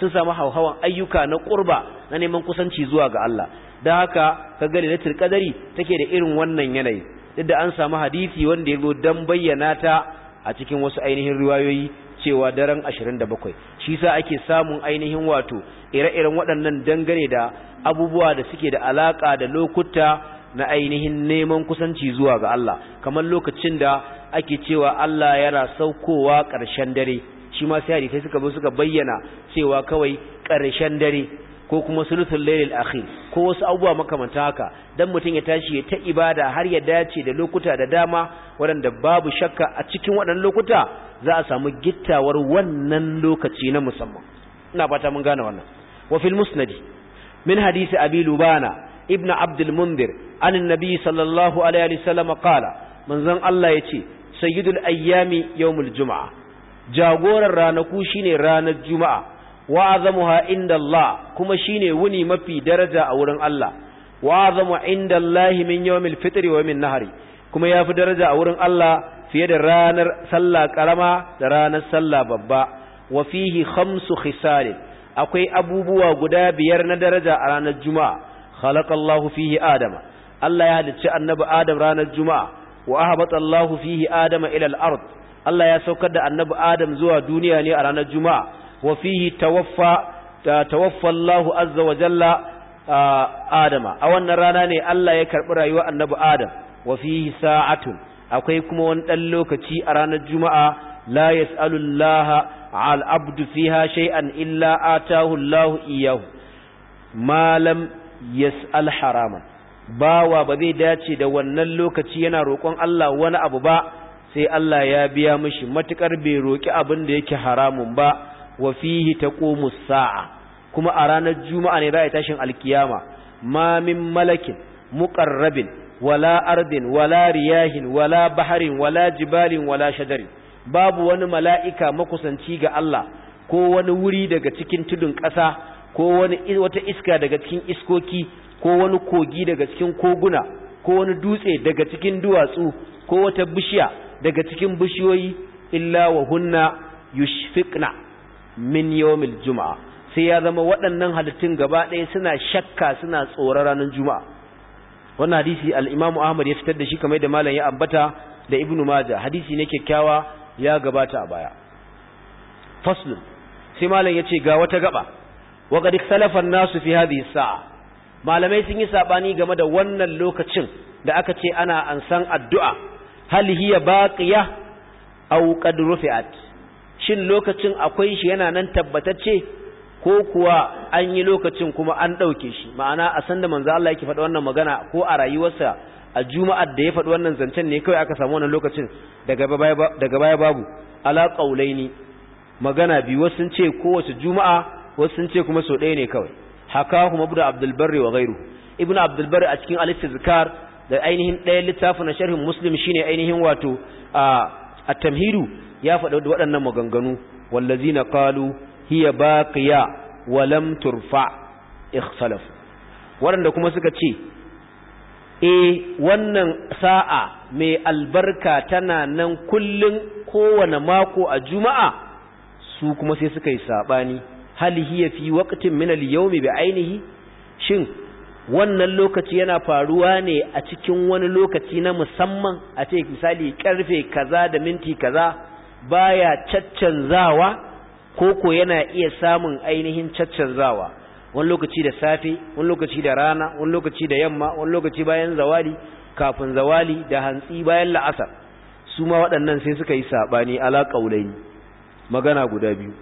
Speaker 1: sun samu hauhawar ayyuka na ƙurba na neman kusanci zuwa ga Allah dan haka ka gani na qadari take da irin wannan yanayi duk da an samu hadisi wanda ya zo dan bayyana ta a cikin wasu ainihin riwayoyi cewa daren 27 shi sa ake samun ainihin wato ire-iren waɗannan dangane da abubuwa da suke da alaƙa da lokuta na ainihin neman kusanci zuwa ga Allah kamar lokacin da ake cewa Allah yana saukowa ƙarshen dare shi ma sai hadisai suka bi suka bayyana cewa kawai ƙarshen dare ko kuma sulutul lailil akhir ko wasu abubuwa makamanta haka dan mutum ya tashi ya ta ibada har ya dace da lokuta da dama waɗanda babu shakka a cikin waɗannan lokuta za a samu gittawar wannan lokaci na musamman ina fata mun gane wannan wa fil musnadi min hadisi abi lubana ibnu Abdulmumbir, mundir an annabi sallallahu alaihi wasallam qala manzon Allah yace sayyidul ayyami yawmul juma'a jagoran ranaku shine ranar juma'a wa azamuha inda Allah kuma shine wuni mafi daraja a wurin Allah wa azamu inda Allah min yawmil wa min nahari kuma yafi daraja a wurin Allah fiye da ranar sallah karama da ranar sallah babba wa fihi khamsu khisalin akwai abubuwa guda biyar na daraja a ranar juma'a khalaqallahu fihi adama Allah ya halicci annabi Adam ranar juma'a wa ahbata Allahu fihi adama ila al-ard Allah ya saukar da annabi Adam zuwa duniya ne a ranar Juma'a wa fihi tawaffa tawaffa Allahu azza wa jalla Adama a wannan rana ne Allah ya karbi rayuwar annabi Adam wa fihi sa'atun akwai kuma wani dan lokaci a ranar Juma'a la yas'alu Allah al-abdu fiha shay'an illa atahu Allah iyahu ma lam yas'al haraman bawa ba zai dace da wannan lokaci yana roƙon Allah wani abu ba sai Allah ya biya mishi matukar bai roƙi abin da yake haramun ba wa fihi taqumu sa'a kuma a ranar juma'a ne za a tashin alkiyama ma min malakin muqarrabin wala ardin wala riyahin wala baharin wala jibalin wala shajari babu wani mala'ika makusanci ga Allah ko wani wuri daga cikin tudun ƙasa ko wani wata iska daga cikin iskoki ko wani kogi daga cikin koguna ko wani dutse daga cikin duwatsu ko wata bishiya daga cikin bishiyoyi illa wa hunna yushfiqna min yawmil juma'a sai ya zama waɗannan halittun gaba ɗaya suna shakka suna tsoron ranar juma'a wannan hadisi al imam ahmad ya fitar da shi kamar da malam ya ambata da ibnu majah hadisi ne kyakkyawa ya gabata a baya faslun sai malam ya ce ga wata gaba wa qad ikhtalafa an-nasu fi hadhihi as-sa'a malamai sun yi sabani game da wannan lokacin da aka ce ana ansan addu'a hal hiya baqiya aw qad rufi'at shin lokacin akwai shi yana nan tabbatacce ko kuwa an yi lokacin kuma an dauke shi ma'ana a sanda manzo Allah yake faɗa wannan magana ko a rayuwarsa a juma'ar da ya faɗi wannan zancen ne kawai aka samu wannan lokacin daga baya daga baya babu ala qaulaini magana biyu wasu sun ce kowace juma'a wasu sun ce kuma so ɗaya ne kawai hakahu Abu abdul barri wa gairu ibn abdul barri a cikin al-istizkar da ainihin ɗayan littafin na sharhin muslim shine ainihin wato a tamhidu ya faɗa waɗannan maganganu wallazina qalu hiya baqiya wa lam turfa ikhsalaf waɗanda kuma suka ce e wannan sa'a mai albarka tana nan kullun kowane mako a juma'a su kuma sai suka yi saɓani. hal hiya fi waqtin min al-yawmi bi ainihi shin wannan lokaci yana faruwa ne a cikin wani lokaci na musamman a ce misali karfe kaza da minti kaza baya caccanzawa ko ko yana iya samun ainihin caccanzawa wani lokaci da safe wani lokaci da rana wani lokaci da yamma wani lokaci bayan zawali kafin zawali da hantsi bayan la'asar su ma waɗannan sai suka yi saɓani ala ƙaulaini magana guda biyu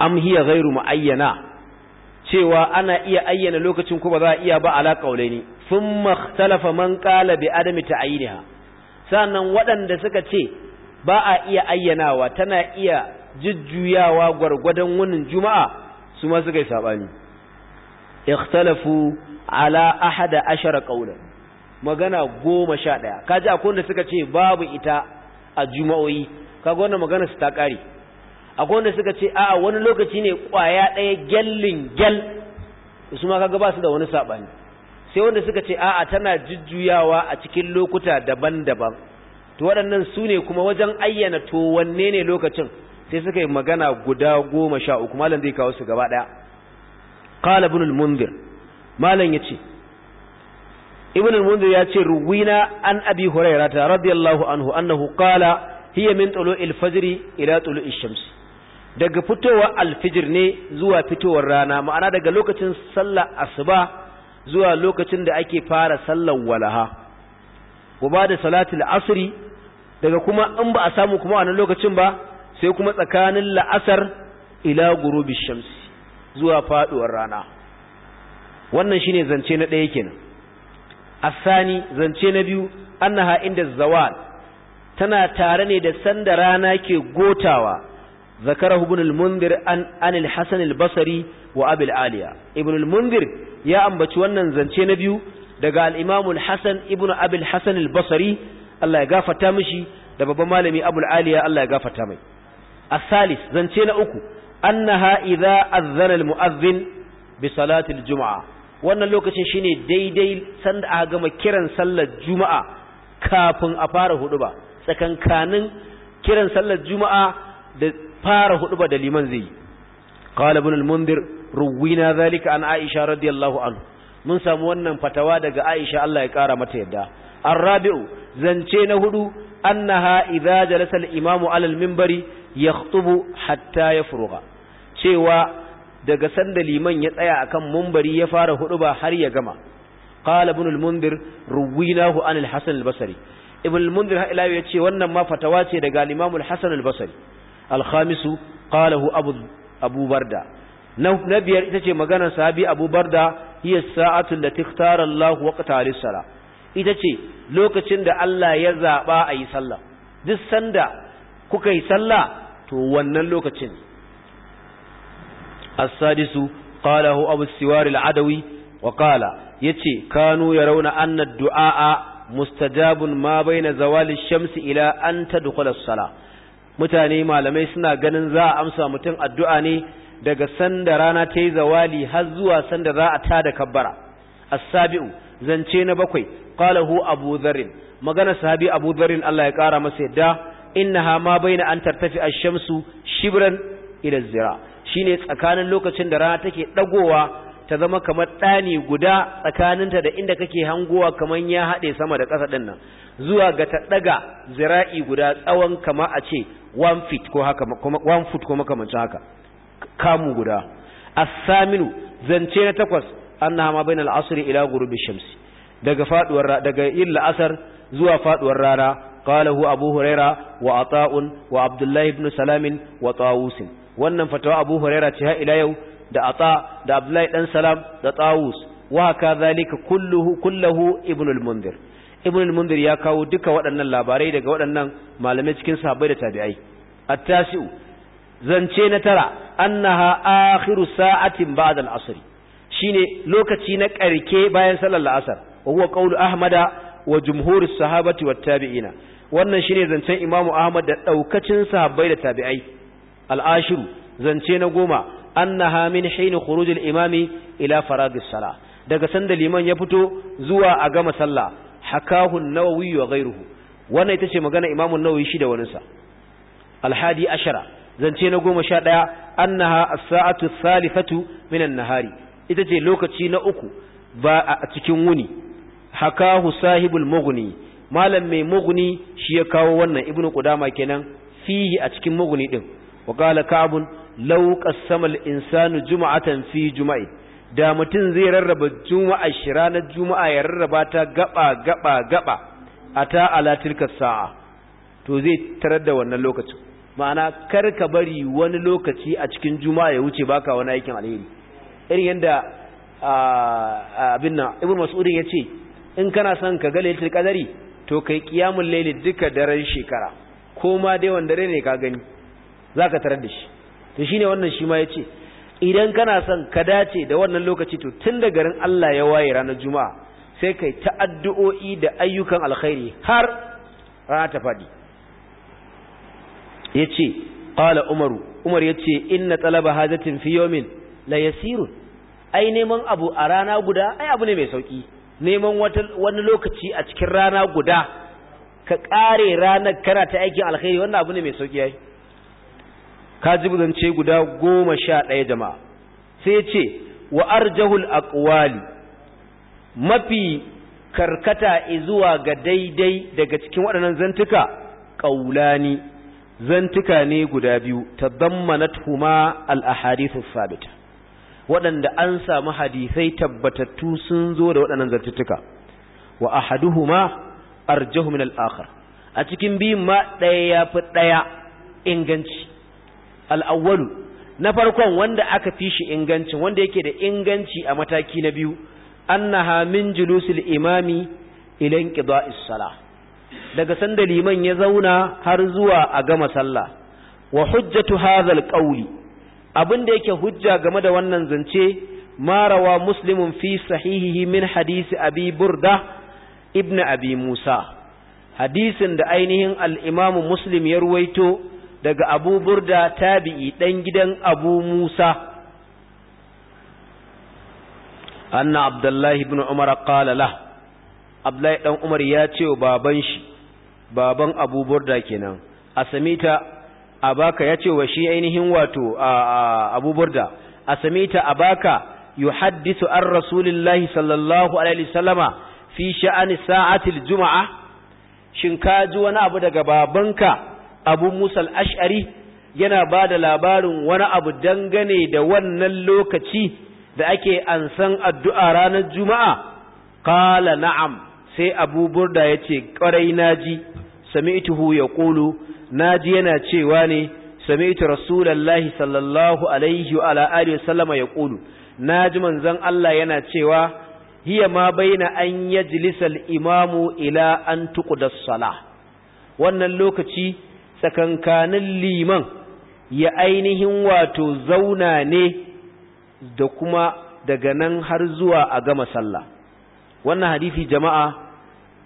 Speaker 1: am hiya ghairu muayyana cewa ana iya ayyana lokacin ko ba za a iya ba ala qaulaini thumma ikhtalafa man qala bi adami ta'yinha sannan waɗanda suka ce ba a iya ayyanawa tana iya jujjuyawa gwargwadon wannan juma'a su ma suka yi sabani ikhtalafu ala ahada ashara qaulan magana goma sha ɗaya kaji akwai wanda suka ce babu ita a juma'o'i kaga wannan magana su ta ƙare akwai wanda suka ce a wani lokaci ne kwaya ɗaya gyallin gyal su ma kaga ba su da wani saɓani sai wanda suka ce a'a tana jujjuyawa a cikin lokuta daban-daban to waɗannan su ne kuma wajen ayyana to wanne ne lokacin sai suka yi magana guda goma sha uku malam zai kawo su gaba ɗaya qala ibn al malam yace ibn al ya ce ruwina an abi hurairata radiyallahu anhu annahu qala hiya min tulu'il fajri ila tulu'ish shams daga fitowa alfijir ne zuwa fitowar rana ma'ana daga lokacin sallar asuba zuwa lokacin da ake fara sallar walaha wa da salatul asri daga kuma in ba a samu kuma wannan lokacin ba sai kuma tsakanin la'asar ila gurubi shamsi zuwa faduwar rana wannan shine zance na ɗaya kenan asani zance na biyu annaha inda zawal tana tare ne da sanda rana ke gotawa ذكره ابن المنذر عن عن الحسن البصري وابي العاليه ابن المنذر يا ambaci wannan zance na biyu daga al-Imam al-Hasan ibn Abi al-Hasan al-Basri Allah ya gafarta mishi da babban malami Abu aliya Allah ya gafarta mai as-salis zance na uku annaha idza adhana al-mu'adhdhin bi salati al-jum'a wannan lokacin shine daidai sanda aka gama kiran sallar juma'a kafin a fara huduba tsakankanin kiran sallar juma'a da fara huduba da liman zai yi qala al-mundir ruwina zalika an aisha radiyallahu anhu mun samu wannan fatawa daga aisha Allah ya kara mata yadda ar-rabi'u zance na hudu annaha idza jalasa al-imamu ala al-minbari yakhtubu hatta yafruga cewa daga sanda liman ya tsaya akan munbari ya fara huduba har ya gama qala ibn al-mundir ruwinahu an al-hasan al-basri ibn al-mundir ha ila yace wannan ma fatawa ce daga al-imam al-hasan al-basri alhamisu qalahu abu barda na biyar ita ce maganar sahabi abu barda hiya sa'atun da tikhtara Allah waqta as-sala ita ce lokacin da Allah ya zaɓa a yi sallah duk sanda kuka yi sallah to wannan lokacin as-sadisu qalahu abu siwar al-adawi wa qala yace kanu rauna anna ad-du'a mustajabun ma bayna zawali shamsi ila an tadkhula as-salah mutane malamai suna ganin za a amsa mutum addu'a ne daga sanda rana ta yi zawali har zuwa sanda za a ta da kabbara Assabiu zance na bakwai hu abu dharrin magana sahabi abu dharrin Allah ya kara masa yadda innaha ma baina an tartafi ash-shamsu shibran ila zira shine tsakanin lokacin da rana take dagowa ta zama kamar ɗani guda tsakaninta da inda kake hangowa kamar ya haɗe sama da ƙasa ɗin nan zuwa ga ta ɗaga zira'i guda tsawon kama a ce one ko haka one foot ko makamancin haka kamu guda A Saminu zance na takwas na hama bainal asri ila ghurubi shamsi daga daga yin la'asar zuwa faɗuwar rana qalahu abu huraira wa ata'un wa Abdullahi ibn salamin wa tawusin wannan fatawa abu huraira ce ha ila yau da ata da abdullahi dan salam da tawus wa zalika kulluhu kulluhu ibn al-mundir ibn al-mundir ya kawo duka waɗannan labarai daga waɗannan malamai cikin sahabbai da tabi'ai at-tasi'u zance na tara annaha akhiru sa'atin ba'da al-asr shine lokaci na ƙarke bayan sallar la'asar wa huwa qawlu ahmada wa jumhur as-sahabati wa tabiina wannan shine zancen imamu ahmad da daukacin sahabbai da tabi'ai al-ashiru zance na goma annaha min hin khurujil imami ila faragis sala daga sanda liman ya fito zuwa a gama sallah hakahun an-nawawi wa ghayruhu wannan ita ce magana imamu an-nawawi shi da waninsa al-hadi ashara zance na goma sha ɗaya, annaha as-sa'atu Salifatu thalithatu min an-nahari ita ce lokaci na uku ba a cikin wuni hakahu sahibul mughni malam mai mughni shi ya kawo wannan ibnu qudama kenan fihi a cikin mughni din wa qala ka'bun لو قسم الانسان insanu juma'atan fi juma'i da mutum zai rarraba juma'a shi na juma'a ya rarraba ta gaba gaba gaba a ala tilka sa'a to zai tarar da wannan lokacin ma'ana kar ka bari wani lokaci a cikin juma'a ya wuce baka wani aikin alheri irin yanda abin nan ibnu mas'udin yace in kana son ka ga lailatul qadari to kai qiyamul layli duka daren shekara ko ma dai wanda dare ne ka gani zaka tarar da shi to shine wannan shi ma yace idan kana son ka dace da wannan lokaci to tun da garin Allah ya waye ranar juma'a sai kai ta'addu'o'i da ayyukan alkhairi har rana ta fadi yace qala umaru umar yace inna talaba hajatin fi yawmin la yasirun ai neman abu a rana guda ai abu ne mai sauki neman wani lokaci a cikin rana guda ka kare ranar kana ta aikin alkhairi wannan abu ne mai sauki yayi ka ji guda goma sha ɗaya jama'a sai ya ce wa arjahul aqwali mafi karkata zuwa ga daidai daga cikin waɗannan zantuka ƙaulani zantuka ne guda biyu ta tadammanatuhuma al-ahadithu sabita waɗanda an samu hadisai tabbatattu sun zo da waɗannan zantuttuka wa ahaduhuma arjahu min al a cikin biyun ma ɗaya ya fi ɗaya inganci al'awwalu na farkon wanda aka fi shi ingancin wanda yake da inganci a mataki na biyu annaha min julusil imami ilan qida'is sala daga sanda liman ya zauna har zuwa a gama sallah wa hujjatu hadha alqawli abinda yake hujja game da wannan zance ma rawa muslimun fi sahihihi min hadisi abi burda ibn abi musa hadisin da ainihin al-imam muslim ya ruwaito daga abu burda tabi'i ɗan gidan abu musa anna abdullahi ibn umar qala la abdullahi dan umar ya ce wa baban shi baban abu burda kenan asamita abaka ya ce wa shi ainihin wato abu burda asamita abaka yuhaddisu an rasulillahi sallallahu alaihi wasallama fi sha'ani sa'atil juma'a shin ka ji wani abu daga babanka abu musal ash'ari yana ba da labarin wani abu dangane da wannan lokaci da ake ansan addu'a ranar juma'a kala na'am sai abu burda ya ce ƙwarai naji sami'tuhu ya ƙulu naji yana cewa ne sami'tu rasulallahi sallallahu alaihi wa ala'ari sallama ya ƙulu naji manzan Allah yana cewa hiya ma baina an yajlisal imamu ila an tuqdas Sala. wannan lokaci sakankanin liman ya ainihin wato zauna ne da kuma daga nan har zuwa a gama sallah wannan hadisi jama'a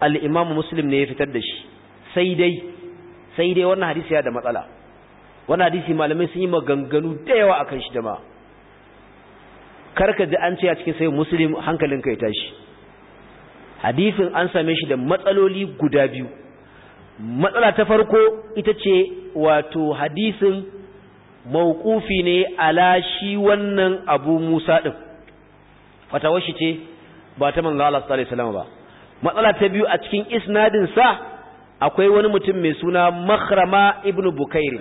Speaker 1: al-Imam Muslim ne ya fitar da shi sai dai sai dai wannan hadisi ya da matsala wannan hadisi malamai sun yi maganganu da yawa akan shi jama'a karka ji an ce a cikin sai Muslim hankalinka ya tashi hadisin an same shi da matsaloli guda biyu matsala ta farko ita ce wato hadisin mawqufi ne ala shi wannan abu musa ɗin. fatawar ce ba ta manzo Allah sallallahu alaihi ba matsala ta biyu a cikin isnadin sa akwai wani mutum mai suna makhrama ibnu bukairi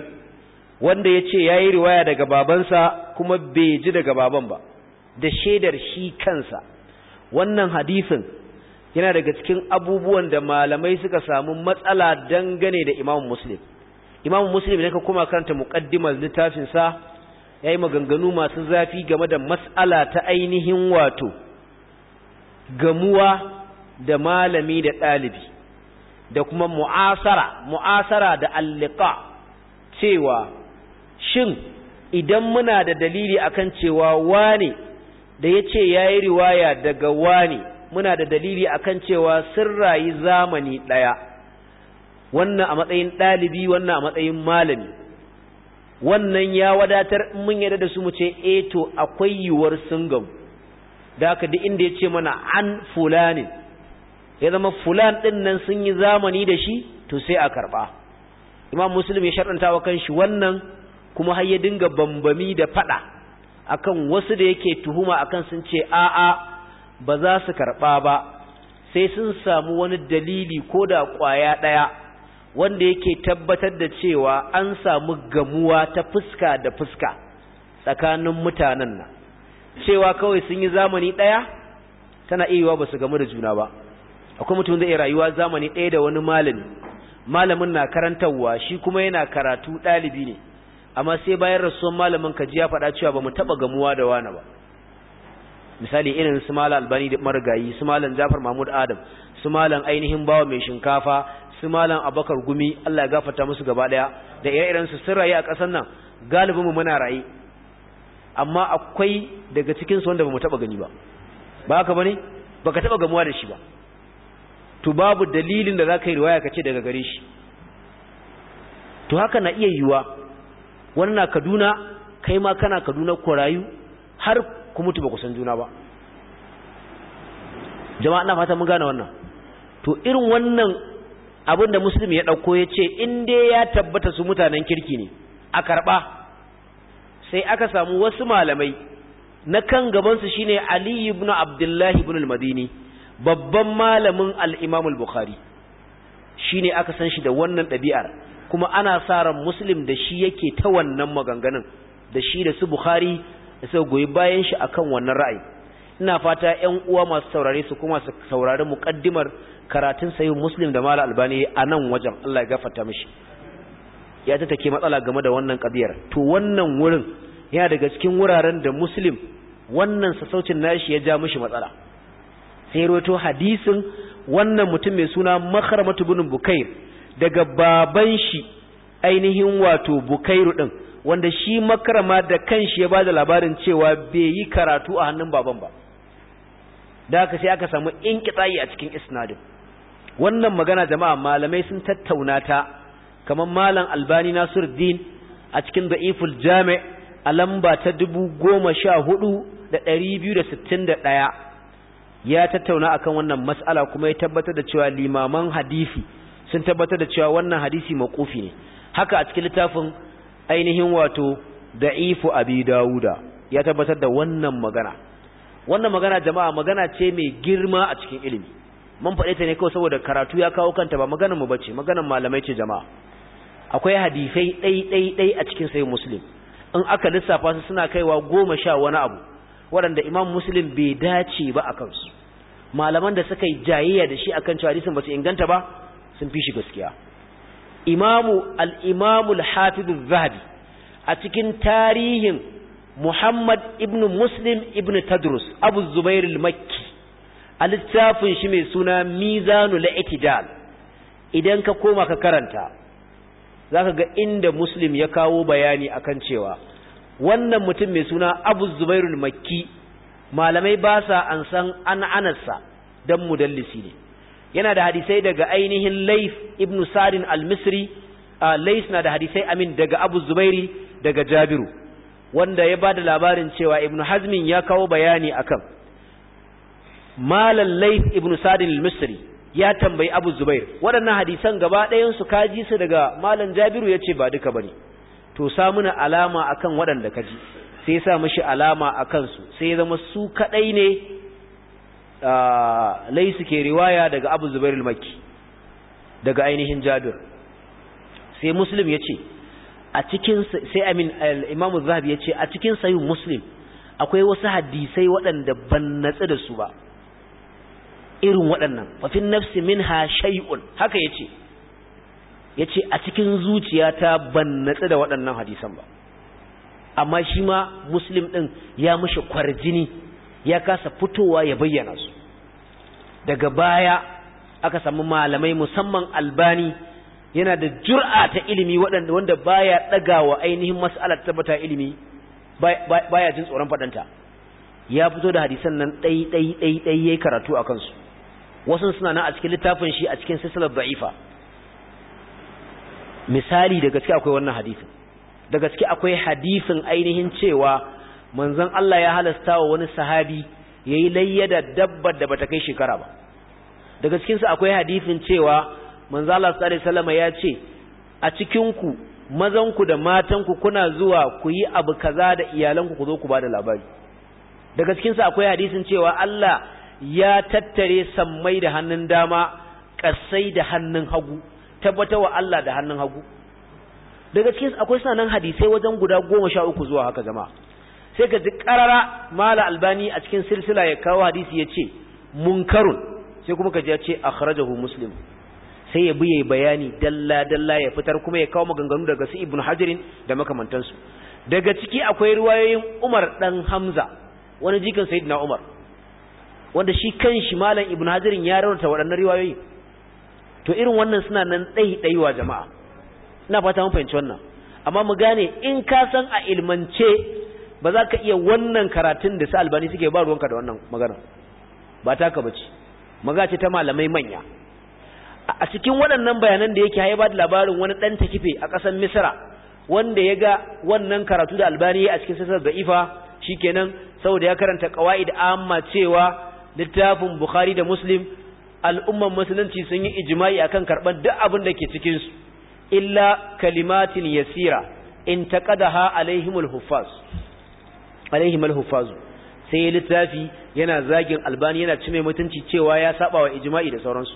Speaker 1: wanda ya ce ya yi riwaya daga babansa kuma bai ji daga baban ba da shaidar shi kansa wannan hadisin yana daga cikin abubuwan da malamai suka samu matsala dangane da Imam Muslim Imam Muslim ne ka kuma karanta muqaddimar littafin sa yayi maganganu masu zafi game da matsala ta ainihin wato gamuwa da malami da ɗalibi da kuma mu'asara mu'asara da alliqa cewa shin idan muna da dalili akan cewa wane da ya yace yayi riwaya daga wane muna da dalili akan cewa sun rayu zamani ɗaya wannan a matsayin ɗalibi wannan a matsayin malami wannan ya wadatar mun yarda da su mu ce eh to akwai yiwuwar sun gamu da ka duk inda ya ce mana an fulanin ya zama fulan ɗin nan sun yi zamani da shi to sai a karɓa imam muslim ya sharɗanta wa kanshi wannan kuma har ya dinga bambami da faɗa akan wasu da yake tuhuma akan sun ce a'a ba za su karɓa ba sai sun samu wani dalili ko da ƙwaya ɗaya wanda yake tabbatar da cewa an samu gamuwa ta fuska da fuska tsakanin mutanen nan cewa kawai sun yi zamani ɗaya tana iya yiwa ba su gamu da juna ba akwai mutum da iya rayuwa zamani ɗaya da wani malami malamin na karantarwa shi kuma yana karatu ɗalibi ne amma sai bayan rasuwan malamin ka ji ya faɗa cewa ba mu taɓa gamuwa da wani ba misali irin su malam albani da marigayi su malam jafar mahmud adam su malam ainihin bawa mai shinkafa su malam abakar gumi allah ya gafata musu gaba daya da ire-iren su sun rayu a ƙasar nan galibinmu muna raye amma akwai daga cikin su wanda bamu taba gani ba ba haka bane baka taba gamuwa da shi ba to babu dalilin da za zaka yi riwaya kace daga gare shi to haka na iya yiwa wannan Kaduna kai ma kana Kaduna ko rayu har ku mutu ba ku san juna ba jama'a ina fata mun gane wannan to irin wannan abin da muslim ya ɗauko ya ce in dai ya tabbata su mutanen kirki ne a karɓa sai aka samu wasu malamai na kan gabansu su shine Ali ibn Abdullah ibn al-Madini babban malamin al-Imam al-Bukhari shine aka san shi da wannan ɗabi'ar kuma ana sa ran muslim da shi yake ta wannan maganganun da shi da su Bukhari da suka goyi bayan shi akan wannan ra'ayi ina fata ƴan uwa masu saurare su kuma su saurari muqaddimar karatun sayyid muslim da mala albani a nan wajen Allah ya gafarta mishi ya ta take matsala game da wannan kadiyar to wannan wurin yana daga cikin wuraren da muslim wannan sassaucin nashi ya ja mishi matsala sai hadisin wannan mutum mai suna makharmatu bin bukair daga baban shi ainihin wato bukairu din wanda shi makarama da kanshi ya bada labarin cewa bai yi karatu a hannun baban ba da haka sai aka samu inqita'i a cikin isnadin wannan magana jama'a malamai sun tattauna ta kamar malam albani nasiruddin a cikin da'iful jami' a lamba ta 14261 ya tattauna akan wannan mas'ala kuma ya tabbatar da cewa limaman hadisi sun tabbatar da cewa wannan hadisi maqufi ne haka a cikin littafin ainihin wato da'ifu abi dawuda ya tabbatar da wannan magana wannan magana jama'a magana ce mai girma a cikin ilimi Man faɗe ta ne kawai saboda karatu ya kawo kanta ba maganar mu bace maganar malamai ce jama'a akwai hadisai ɗai ɗai ɗai a cikin sahih muslim in aka lissafa su suna kaiwa goma sha wani abu waɗanda imam muslim bai dace ba a kansu malaman da suka yi jayayya da shi akan cewa hadisin ba su inganta ba sun fi shi gaskiya imamu al-imamu al-hafiz zahabi a cikin tarihin muhammad ibn muslim ibn tadrus abu zubair makki a littafin shi mai suna mizanu la'itidal idan ka koma ka karanta zaka ga inda muslim ya kawo bayani akan cewa wannan mutum mai suna abu zubair makki malamai ba sa an san an dan mudallisi ne yana da hadisai daga ainihin Laif ibn Sadin al-Misri Laif na da hadisai amin daga Abu Zubairi daga Jabiru wanda ya bada labarin cewa Ibn Hazmin ya kawo bayani akan Malam Laif ibn Sadin al-Misri ya tambayi Abu Zubair waɗannan hadisan gaba ɗayan su kaji su daga Malam Jabiru Ya ce ba duka bane to samuna alama akan waɗanda ji sai ya sa mishi alama akan su sai ya zama su kaɗai ne Lai suke riwaya daga abu zubairul maki daga ainihin jabir sai muslim ya ce a cikin sai amin imamu Zahab ya ce a cikin sayin muslim akwai wasu hadisai waɗanda ban natsu da su ba irin waɗannan fafin nafsi min ha shay'un haka ya ce ya ce a cikin zuciyata ban natsu da waɗannan hadisan ba amma shi ma muslim ɗin ya mashi kwarjini ya kasa fitowa ya bayyana su daga baya aka samu malamai musamman albani yana da jur'a ta ilimi waɗanda wanda baya ɗagawa ainihin mas'alar tabbata ilimi baya jin tsoron faɗanta ya fito da hadisan nan ɗai ɗai ɗai ɗai yayi karatu a kansu wasu suna nan a cikin littafin shi a cikin sisalar da'ifa misali da gaske akwai wannan hadisin da gaske akwai hadisin ainihin cewa manzon Allah ya halasta wa wani sahabi yayi layya da dabbar da bata kai shekara ba daga cikin akwai hadisin cewa manzon Allah sallallahu alaihi wasallam ya ce a cikin ku mazan ku da matan ku kuna zuwa ku yi abu kaza da iyalan ku ku zo ku bada labari daga cikin akwai hadisin cewa Allah ya tattare sammai da hannun dama kasai da hannun hagu tabbata wa Allah da hannun hagu daga cikin akwai sanan hadisai wajen guda goma sha uku zuwa haka jama'a sai ka ji karara mala albani a cikin silsila ya kawo hadisi ya ce munkarun sai kuma ka ji ya ce kharajahu muslim sai ya bi bayani dalla dalla ya fitar kuma ya kawo maganganu daga su ibnu hajarin da makamantansu daga ciki akwai ruwayoyin umar dan hamza wani jikan sayyidina umar wanda shi kan shi malam ibnu hajarin ya rawata waɗannan riwayoyi to irin wannan suna nan ɗai ɗai wa jama'a ina fata mun fahimci wannan amma mu gane in ka san a ilmance ba za ka iya wannan karatun da su albani suke ba ruwanka da wannan magana ba ka bace maga ce ta malamai manya a cikin waɗannan bayanan da yake haifar da labarin wani ɗan takife a ƙasar misira wanda ya ga wannan karatu da albani a cikin sassar da ifa shikenan saboda ya karanta da amma cewa littafin bukhari da muslim al'umman musulunci sun yi ijimai akan karɓar duk abin da ke cikinsu, illa kalimatin yasira in ha alaihimul huffaz alaihi malhufazu sai ya littafi yana zagin albani yana cime mutunci cewa ya saba wa ijma'i da sauransu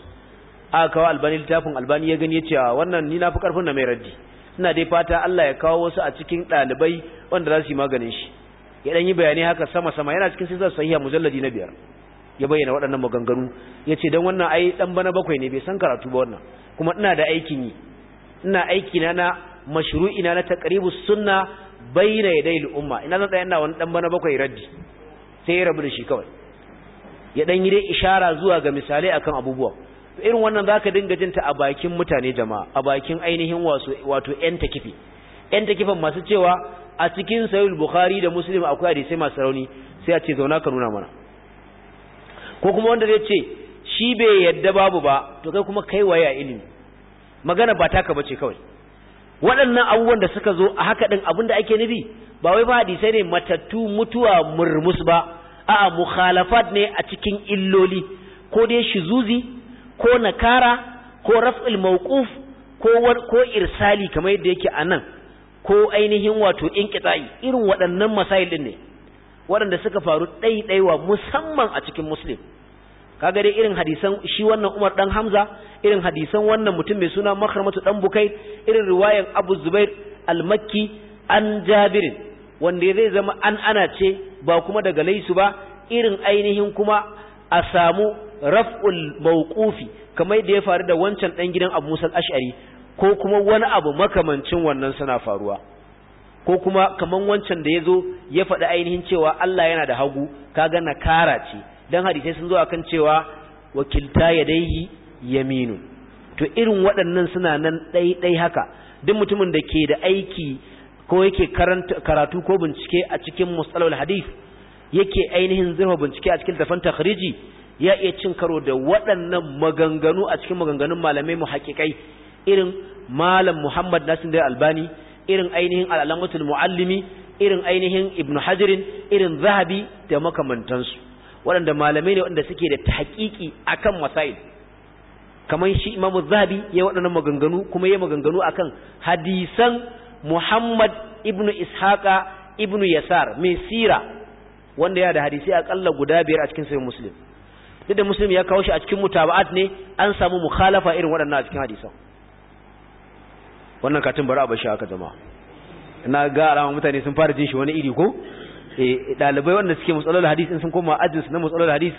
Speaker 1: aka kawo albani littafin albani ya gani ya ce wannan ni na fi karfin na mai raddi ina dai fata Allah ya kawo wasu a cikin ɗalibai wanda za su yi maganin shi ya ɗan yi bayanai haka sama sama yana cikin sisar sahiha mujalladi na biyar ya bayyana waɗannan maganganu ya ce don wannan ai dan bana bakwai ne bai san karatu ba wannan kuma ina da aikin yi ina aikina na mashru'ina na taƙaribu sunna baina yadayil umma ina zan tsaya ina wani dan bana bakwai raddi sai ya rabu da shi kawai ya dan yi dai ishara zuwa ga misalai akan abubuwa to irin wannan zaka dinga jinta a bakin mutane jama'a a bakin ainihin wasu wato yan takifi yan takifan masu cewa a cikin sahih bukhari da muslim akwai hadisi masu rauni sai a ce zauna ka nuna mana ko kuma wanda zai ce shi bai yadda babu ba to kai kuma kai waya a ilimi magana ba taka bace kawai waɗannan abubuwan da suka zo a haka ɗin abin da ake nufi ba wai ba hadisai ne matattu mutuwa murmus ba a'a mukhalafat ne a cikin illoli ko dai shizuzi ko nakara ko raf'il mawquf ko ko irsali kamar yadda yake a nan ko ainihin wato inqita'i irin waɗannan masail ɗin ne waɗanda suka faru ɗaiɗaiwa musamman a cikin muslim kaga dai irin hadisan shi wannan Umar dan Hamza irin hadisan wannan mutum mai suna Makhramatu dan Bukai irin riwayan Abu Zubair al-Makki an Jabir wanda zai zama an ana ce ba kuma daga laisu ba irin ainihin kuma a samu raf'ul mawqufi kamar da ya faru da wancan dan gidan Abu Musa al-Ash'ari ko kuma wani abu makamancin wannan suna faruwa ko kuma kaman wancan da yazo ya faɗi ainihin cewa Allah yana da hagu kaga nakara ce dan hadisai sun zo akan cewa wakilta yadayhi yaminu to irin waɗannan suna nan ɗaiɗai haka duk mutumin da ke da aiki ko yake karatu ko bincike a cikin musalul hadis yake ainihin zurfa bincike a cikin tafan takhriji ya iya cin karo da waɗannan maganganu a cikin maganganun malamai mu haƙiƙai irin malam Muhammad Nasir da Albani irin ainihin al'alamatul muallimi irin ainihin ibnu Hajirin irin Zahabi da makamantansu waɗanda malamai ne waɗanda suke da a akan masail kamar shi Imam Zabi ya waɗannan maganganu kuma ya maganganu akan hadisan Muhammad ibnu Ishaƙa ibnu Yasar mai sira wanda ya da hadisi ƙalla guda biyar a cikin sahih Muslim duk da Muslim ya kawo shi a cikin mutaba'at ne an samu mukhalafa irin waɗannan a cikin hadisan wannan katin bari a bashi haka jama'a ina ga alama mutane sun fara jin shi wani iri ko Eh, ɗalibai wanda suke matsalolin hadis in sun koma ajin su na matsalolin hadis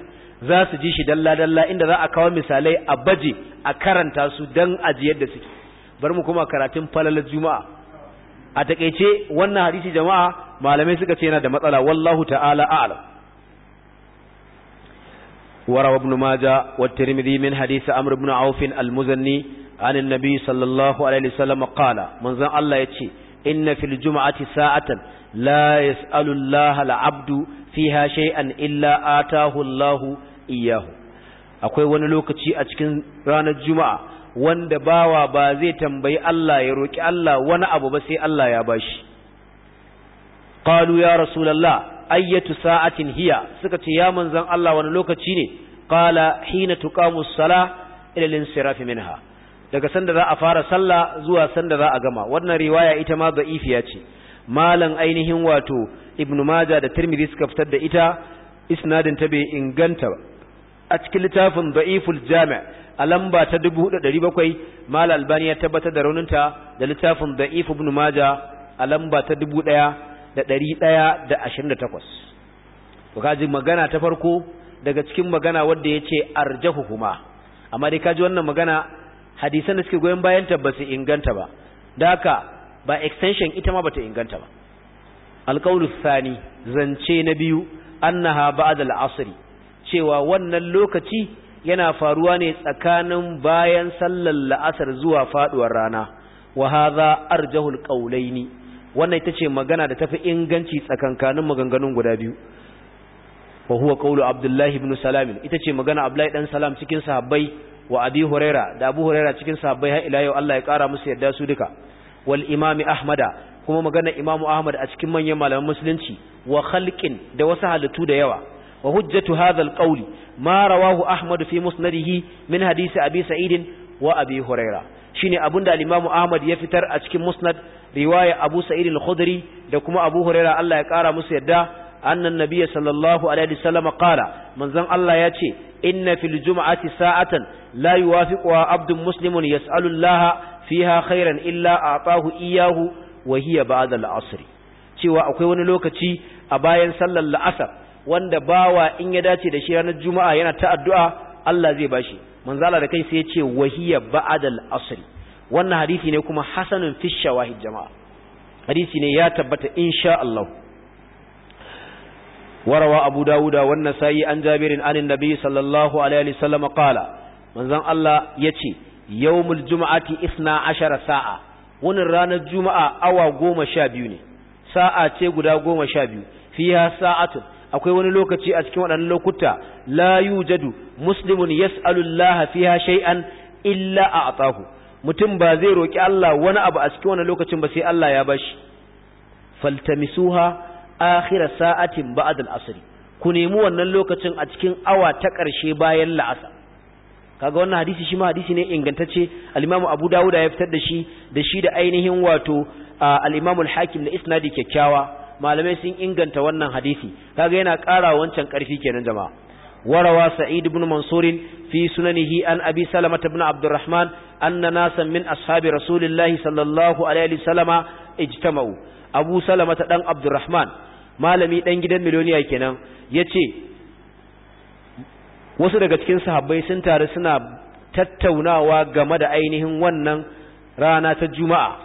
Speaker 1: za su ji shi dalla dalla inda za a kawo misalai a baje a karanta su dan ajiyar da suke bari mu koma karatun falalar juma'a a takaice wannan hadisi jama'a malamai suka ce yana da matsala wallahu ta'ala a'lam وروى ابن ماجه والترمذي من حديث عمرو بن عوف المزني عن النبي صلى الله عليه وسلم قال من زن الله يتي إن في الجمعة ساعة la yas'alu Allah abdu fiha shay'an illa atahu Allah iyyahu akwai wani lokaci a cikin ranar juma'a wanda bawa ba zai tambayi Allah ya roƙi Allah wani abu ba sai Allah ya bashi qalu ya rasulullah ayyatu sa'atin hiya suka ce ya manzon Allah wani lokaci ne qala hina tuqamu as-salah ila al-insiraf minha daga sanda za a fara sallah zuwa sanda za a gama wannan riwaya ita ma da'ifiya ce Malam ainihin wato ibnu maja da tirmidhi suka fitar da ita isnadin ta bai inganta ba a cikin littafin da'iful jami' a lamba ta 4700 mal albani ya tabbatar da rauninta da littafin da'if ibnu maja a lamba ta 1128 to kaji magana ta farko daga cikin magana wanda yace kuma. amma dai kaji wannan magana hadisan da suke goyen bayan ta inganta ba daka ba extension ita ma bata inganta ba alqawlu thani zance na biyu annaha ba'da al-asr cewa wannan lokaci yana faruwa ne tsakanin bayan sallar la'asar zuwa faduwar rana wa hadha arjahul qaulaini wannan ita ce magana da tafi inganci tsakankanin maganganun guda biyu wa huwa qaulu abdullahi ibn salam ita ce magana abdullahi dan salam cikin sahabbai wa abi huraira da abu huraira cikin sahabbai har ila yau Allah ya kara musu yadda su duka wal imami ahmada kuma magana imamu ahmad a cikin manyan malaman musulunci wa khalqin da wasu halittu da yawa wa hujjatu hadha alqawli ma rawahu ahmad fi musnadihi min hadisi abi sa'id wa abi huraira shine abinda al-imamu ahmad ya fitar a cikin musnad riwaya abu sa'id al da kuma abu huraira Allah ya kara musu yadda annan nabiyyi sallallahu alaihi wasallam qala manzon Allah ya ce inna fil jum'ati sa'atan la yuwafiquha abdun muslimun yas'alu Allah fiha khairan illa atahu iyahu wa hiya da al-asr cewa akwai wani lokaci a bayan sallar la'asar wanda bawa in ya dace da shi ranar juma'a yana ta addu'a Allah zai bashi manzala da kai sai ya ce wa hiya ba'da al-asr wannan hadisi ne kuma hasanun fi shawahid jama'a hadisi ne ya tabbata insha Allah warawa abu dauda wannan عن جابر عن النبي صلى الله عليه وسلم قال من Allah الله yawmul juma'ati isna ashara sa'a wannan ranar juma'a awa goma sha biyu ne sa'a ce guda goma sha biyu fiha sa'atun akwai wani lokaci a cikin waɗannan lokuta la yujadu muslimun yas'alu Allah fiha shay'an illa a'tahu mutum ba zai roki Allah wani abu a cikin wannan lokacin ba sai Allah ya bashi faltamisuha akhira sa'atin ba'd al-asr ku nemi wannan lokacin a cikin awa ta ƙarshe bayan la'asar kaga wannan hadisi shi ma hadisi ne ingantacce al-Imam Abu Dawud ya fitar da shi da shi da ainihin wato al-Imam al-Hakim da isnadi kyakkyawa malamai sun inganta wannan hadisi kaga yana karawa wancan ƙarfi kenan jama'a warawa Sa'id ibn Mansur fi sunanihi an Abi Salama ibn Abdurrahman anna nasan min ashabi Rasulillahi sallallahu alaihi wasallama ijtama'u Abu Salama dan Abdurrahman malami dan gidan miliyoniya kenan yace wasu daga cikin sahabbai sun taru suna tattaunawa game da ainihin wannan rana ta juma'a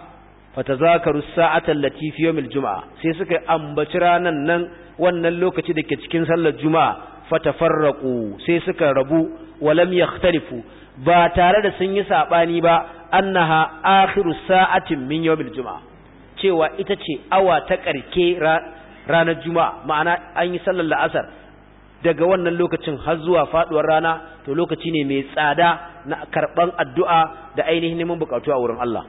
Speaker 1: fatazakaru sa'atan latifi yawmil juma'a sai suka ambaci ranan nan wannan lokaci da ke cikin sallar juma'a fatafarraqu sai suka rabu walam yakhtalifu ba tare da sun yi sabani ba annaha akhiru sa'atin min yawmil juma'a cewa ita ce awa ta karke ranar juma'a ma'ana an yi sallar la'asar daga wannan lokacin har zuwa faduwar rana to lokaci ne mai tsada na karban addu'a da ainihin neman bukatu a wurin Allah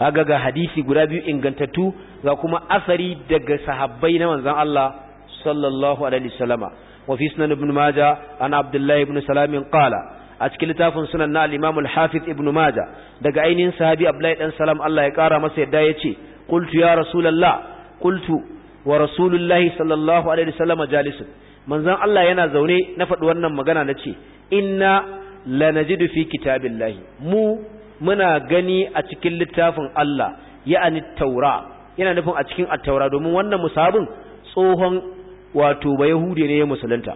Speaker 1: kaga ga hadisi guda biyu ingantattu ga kuma asari daga sahabbai na manzon Allah sallallahu alaihi wasallama wa fi sunan ibn maja ana abdullahi ibn salam qala a cikin littafin sunan na al-imam al-hafiz ibn Maja, daga ainihin sahabi Abdullahi dan salam Allah ya kara masa yadda yace qultu ya rasulullah qultu wa rasulullahi sallallahu alaihi wasallama jalisun manzon Allah yana zaune na faɗi wannan magana na ce inna lanajidu fi kitabillahi mu muna gani a cikin littafin Allah ya'ani taura yana nufin a cikin taura domin wannan musabin tsohon wato ba yahudi ne ya musulunta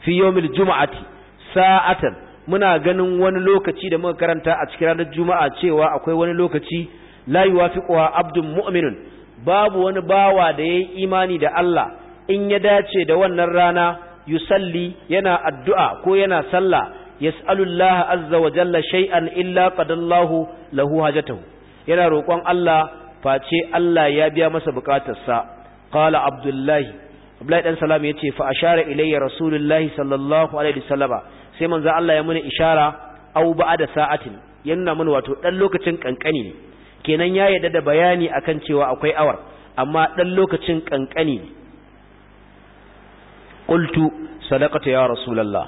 Speaker 1: fi yawmil juma'ati sa'atan muna ganin wani lokaci da muka karanta a cikin ranar juma'a cewa akwai wani lokaci la yuwafiquha abdun mu'minun babu wani bawa da yayi imani da Allah in ya dace da wannan rana yusalli yana addu'a ko yana sallah yas'alullah azza wa jalla shay'an illa qadallahu lahu hajatahu yana roƙon Allah face Allah ya biya masa bukatarsa qala abdullahi abdullahi dan salam yace fa ashara ilayya rasulullahi sallallahu alaihi wasallama sai manzo Allah ya muni ishara au ba'da sa'atin ya nuna wato ɗan lokacin ƙanƙani ne kenan ya yarda da bayani akan cewa akwai awar amma ɗan lokacin ƙanƙani ne qultu sadaqata ya rasulullah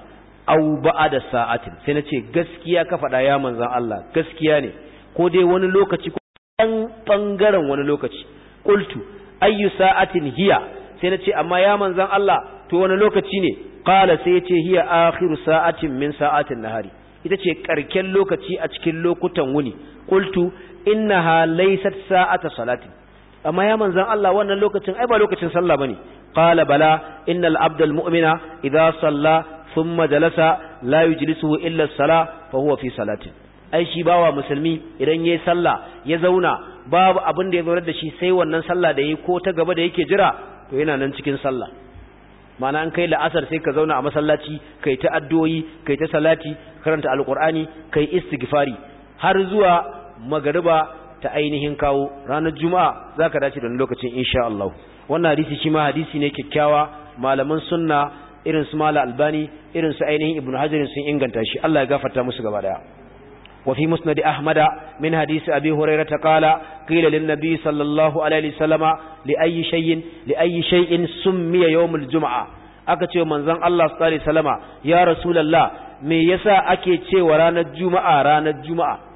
Speaker 1: aw ba'da sa'atin sai nace gaskiya ka faɗa ya manzon Allah gaskiya ne ko dai wani lokaci ko ɗan ɓangaren wani lokaci qultu ayyu sa'atin hiya sai nace amma ya manzon Allah to wani lokaci ne qala sai yace hiya akhiru sa'atin min sa'atin nahari ita ce karken lokaci a cikin lokutan wuni qultu innaha laysat sa'ata salatin amma ya manzan Allah wannan lokacin ai ba lokacin sallah bane qala bala innal abdal mu'mina idza salla thumma jalasa la yujlisu illa as-sala fa huwa fi salatin ai shi bawa musulmi idan yayi sallah ya zauna babu abin da ya zaurar da shi sai wannan sallah da yayi ko ta gaba da yake jira to yana nan cikin sallah mana an kai la'asar sai ka zauna a masallaci kai ta addu'o'i kai ta salati karanta alqur'ani kai istighfari har zuwa magariba ta ainihin kawo ranar juma'a zaka dace da lokacin insha Allah wannan hadisi shi ma hadisi ne kyakkyawa malaman sunna irin su mala albani irin su ainihin ibnu hajarin sun inganta shi Allah ya gafarta musu gaba daya wa fi musnad ahmad min hadisi abi hurairah ta qala qila lin nabi sallallahu alaihi wasallama li ayi shay'in li ayi shay'in summiya yawmul Juma'a aka ce manzon Allah sallallahu alaihi wasallama ya rasulullah me yasa ake cewa ranar juma'a ranar juma'a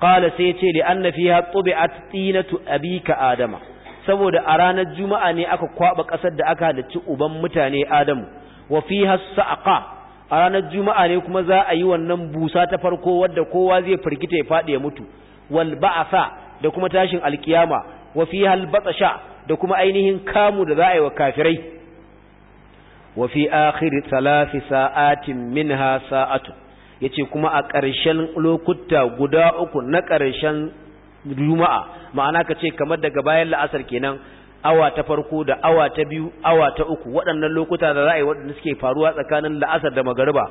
Speaker 1: qala sai yace li anna fiha tubi'at tinatu abika adama saboda a ranar juma'a ne aka kwaba kasar da aka halicci uban mutane adamu wa fiha sa'qa a ranar juma'a ne kuma za a yi wannan busa ta farko wadda kowa zai firgita ya fadi ya mutu wal ba'sa da kuma tashin alkiyama wa fiha al batsha da kuma ainihin kamu da za a yi wa kafirai wa fi akhir thalath sa'atin minha sa'atun Ya ce kuma a ƙarshen lokuta guda uku na ƙarshen juma'a ma'ana ka ce kamar daga bayan la'asar kenan awa ta farko da awa ta biyu awa ta uku waɗannan lokuta da za a yi waɗanda suke faruwa tsakanin la'asar da magariba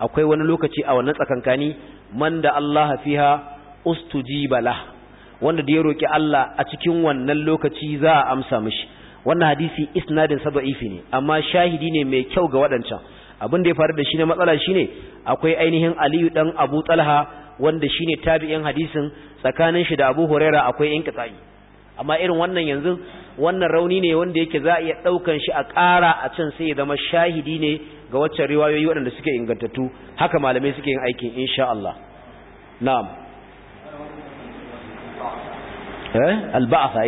Speaker 1: akwai wani lokaci a wannan tsakankani man da Allah fiha ustujiba bala wanda da ya roki Allah a cikin wannan lokaci za a amsa mishi wannan hadisi isnadin saba'ifi ne amma shahidi ne mai kyau ga waɗancan abin da ya faru da shi na matsala shine akwai ainihin aliyu dan abu talha wanda shine tabi'in hadisin tsakanin shi da abu huraira akwai yan kitsayi amma irin wannan yanzu wannan rauni ne wanda yake za a iya ɗaukan shi a ƙara a can sai ya zama shahidi ne ga waccan riwayoyi waɗanda suke ingantattu haka malamai suke yin aikin insha Allah na'am eh alba'atha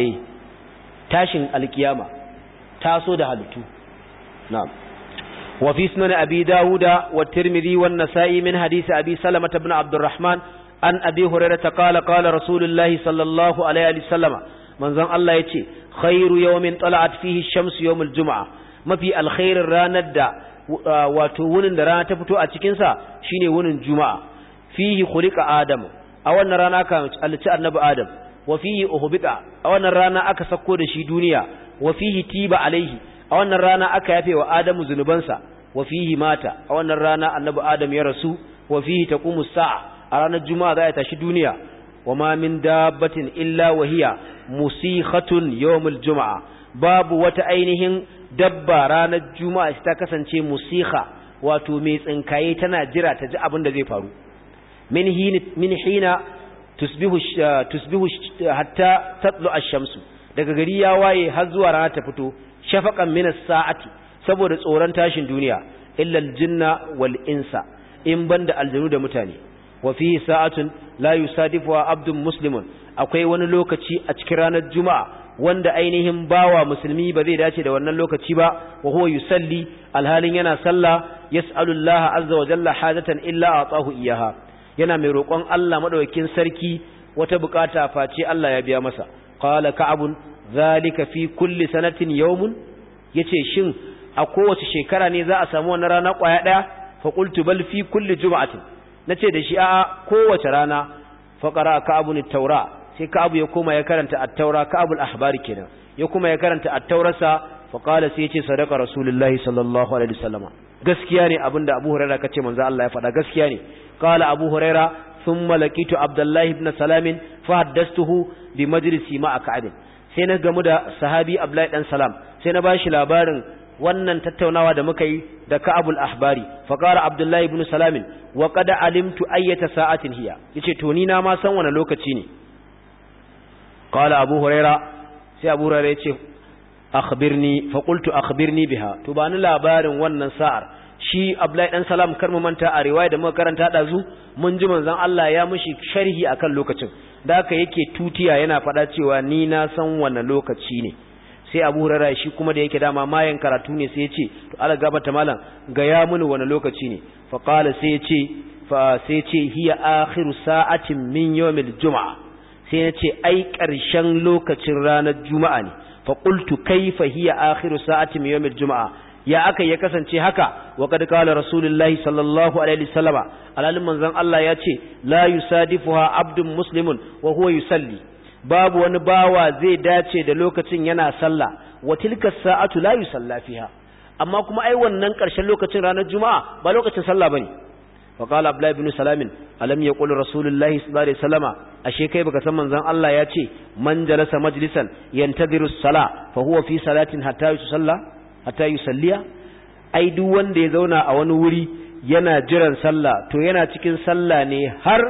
Speaker 1: tashin alkiyama taso da halittu na'am وفي سنن أبي داود والترمذي والنسائي من حديث أبي سلمة بن عبد الرحمن أن أبي هريرة قال قال رسول الله صلى الله عليه وسلم من زن الله يتي خير يوم طلعت فيه الشمس يوم الجمعة ما في الخير راند wato wunin da rana ta fito a cikinsa shine wunin juma'a fihi khuliqa adam a wannan rana aka annabi adam wa fihi uhbita a wannan rana aka sauko da shi duniya wafihi tiba alaihi a wannan rana aka yafe wa adamu zunubansa wa fihi mata a wannan rana annabi adam ya rasu wa fihi taqumu sa'a a ranar juma'a za a tashi duniya wa ma min dabbatin illa wa hiya musihatun yawmul juma'a babu wata ainihin dabba ranar juma'a ta kasance musiha wato mai tsinkaye tana jira ta ji abin da zai faru min hina min hina tusbihu tusbihu hatta tatlu ash-shamsu daga gari ya waye har zuwa rana ta fito shafaqan min as-sa'ati saboda tsoron tashin duniya illa al-jinna wal insa in banda aljanu da mutane wa fihi sa'atun la yusadifu abdun muslimun akwai wani lokaci a cikin ranar juma'a wanda ainihin bawa musulmi ba zai dace da wannan lokaci ba wa huwa yusalli alhalin yana sallah yas'alullaha azza wa jalla hajatan illa atahu iyaha yana mai roƙon Allah madaukakin sarki wata bukata face Allah ya biya masa qala ka'abun zalika fi kulli sanatin yawmun yace shin a kowace shekara ne za a samu wannan rana kwaya ɗaya fa qultu bal fi kulli jum'atin nace da shi a kowace rana fa qara ka'abun at-taura sai ka'abu ya koma ya karanta at-taura ka'abul ahbari kenan ya kuma ya karanta at-taurasa fa qala sai yace sadaqa rasulullahi sallallahu alaihi wasallam gaskiya ne abinda abu huraira kace manzo Allah ya faɗa gaskiya ne qala abu huraira thumma laqitu abdullahi ibn salamin fa haddathtuhu bi majlisi ma'a ka'ab sai na gamu da sahabi Abdullahi dan Salam sai na bashi labarin wannan tattaunawa da muka yi da Ka'abul Ahbari fa qala Abdullahi ibn Salam wa qad alimtu ayyata sa'atin hiya yace to ni na ma san wani lokaci ne qala Abu Huraira sai Abu Huraira yace akhbirni fa qultu akhbirni biha to bani labarin wannan sa'ar shi Abdullahi dan Salam kar mu manta a riwaya da muka karanta dazu mun ji manzon Allah ya mushi sharhi akan lokacin da aka yake tutiya yana faɗa cewa ni na san wani lokaci ne sai abu hurara shi kuma da yake dama mayan karatu ne sai ya ce to ala gaba ta malam gaya mini wani lokaci ne fa qala sai ya ce fa sai ya ce hiya akhiru sa'atin min yawmil juma'a sai ya ce ai karshen lokacin ranar juma'a ne fa qultu kaifa hiya akhiru sa'atin min yawmil juma'a ya aka ya kasance haka wa kad qala rasulullahi sallallahu alaihi wasallama alalin manzon Allah ya ce la yusadifuha abdun muslimun wa huwa yusalli babu wani bawa zai dace da lokacin yana sallah wa tilka sa'atu la yusalla fiha amma kuma ai wannan karshen lokacin ranar juma'a ba lokacin sallah bane wa qala abdullah ibn salamin, alam yaqul rasulullahi sallallahu alaihi wasallama ashe kai baka san manzon Allah ya ce man jalasa majlisan yantadiru as-sala fa huwa fi salatin hatta yusalla hatta yusalliya ai duk wanda ya zauna a wani wuri yana jiran sallah to yana cikin sallah ne har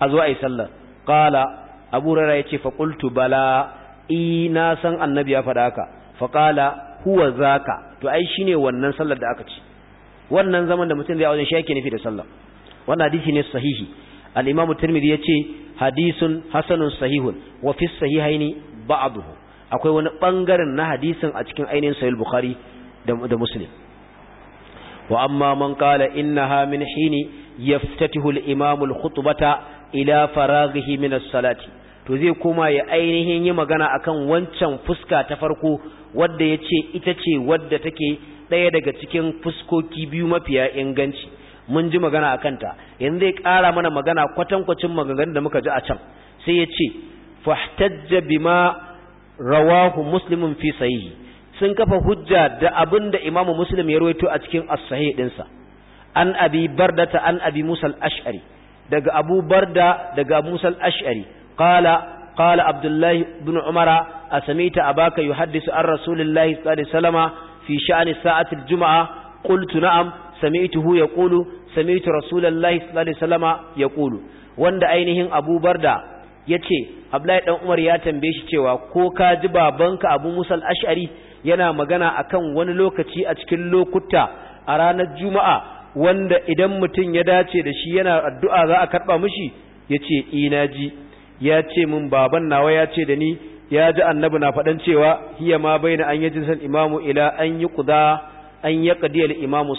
Speaker 1: a zo ai sallah qala abu rara yace fa qultu bala ina san annabi ya faɗa haka fa qala huwa zaka to ai shine wannan sallar da aka ci wannan zaman da mutum zai wajen shi yake nufi da sallah wannan hadisi ne sahihi al-imam tirmidhi yace hadisun hasanun sahihun wa fi sahihaini ba'duhu akwai wani ɓangaren na hadisin a cikin ainihin sahih bukhari da muslim wa amma man qala innaha min hini yaftatihu al-imam al-khutbata ila faraghihi min as-salati to zai koma ya ainihin yi magana akan wancan fuska ta farko wadda yace ita ce wadda take ɗaya daga cikin fuskoki biyu mafiya inganci mun ji magana akan ta yanzu zai ƙara mana magana kwatankwacin maganganun da muka ji a can sai ya yace fahtajja bima rawahu muslimun fi sahihi sun kafa hujja da abinda da imamu muslim ya rawaito a cikin as-sahih dinsa an abi bardata an abi musa al-ash'ari daga abu barda daga musa al-ash'ari qala قال عبد الله بن عمر أسميت أباك يحدث عن رسول الله صلى الله عليه وسلم في شأن ساعة الجمعة قلت نعم سمعته يقول سمعت رسول الله صلى الله عليه وسلم Ya ce Abdullahi dan Umar ya tambaye shi cewa ko ka ji babanka Abu Musa ashari yana magana akan wani lokaci a cikin lokuta a ranar Juma'a wanda idan mutum ya dace da shi yana addu'a za a karba mishi yace ina e, ji ya ce min baban nawa ya ce da ni ya ji annabi na faɗan cewa hiya ma na an yi jinsan imamu ila an yi kuda an yi al-imamu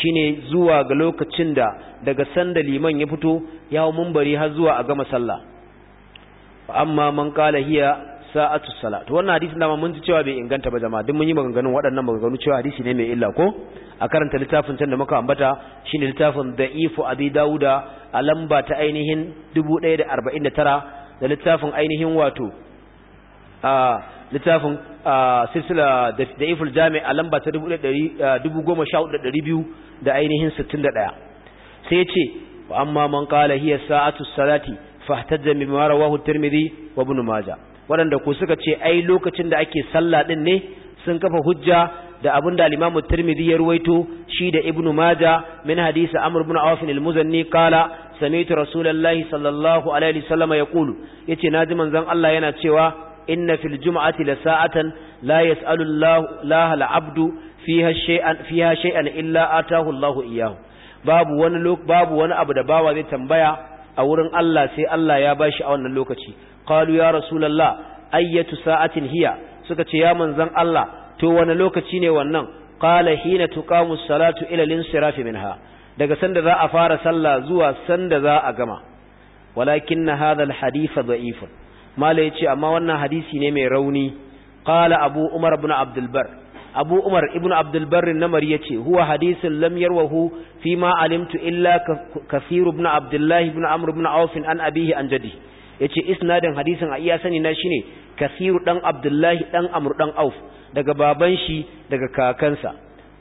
Speaker 1: shine zuwa ga lokacin da daga sanda liman ya fito ya hau mumbari har zuwa a gama sallah amma man kala hiya sa'atu salat wannan hadisin da mun ji cewa bai inganta ba jama'a duk mun yi maganganun waɗannan maganganu cewa hadisi ne mai illa ko a karanta littafin can da muka ambata shine littafin da'ifu abi dauda a lamba ta ainihin 1049 da littafin ainihin wato a littafin silsila da iful jami a lamba ta 104,200 da ainihin 61 sai ce wa amma man kala hiyar sa'atu salati fahtajja mimma rawahu wa maja waɗanda ko suka ce ai lokacin da ake sallah ɗin ne sun kafa hujja da abin da al-imamu ya ruwaito shi da ibnu maja min hadisa amr ibn awf al-muzanni kala sami'tu rasulullahi sallallahu alaihi ya ce yace ji manzon Allah yana cewa inna fil jum'ati la sa'atan la yas'alu Allah abdu fiha shay'an fiha shay'an illa atahu Allah iyyahu babu wani babu wani abu da bawa zai tambaya a wurin Allah sai Allah ya bashi a wannan lokaci qalu ya rasulullah ayyatu sa'atin hiya suka ce ya manzon Allah to wani lokaci ne wannan qala hina tuqamu salatu ila linsirafi minha daga sanda za a fara sallah zuwa sanda za a gama walakin hadha al-hadith da'ifun mala yace amma wannan hadisi ne mai rauni qala abu umar ibn Abdulbar abu umar ibn na Mari namari yace huwa hadisin lam yarwahu fi ma alimtu illa kathir ibn Abdullahi ibn amr ibn auf an abihi an jadi yace isnadin hadisin a iya sani na shine kasiru dan Abdullahi dan amr dan auf daga baban shi daga kakansa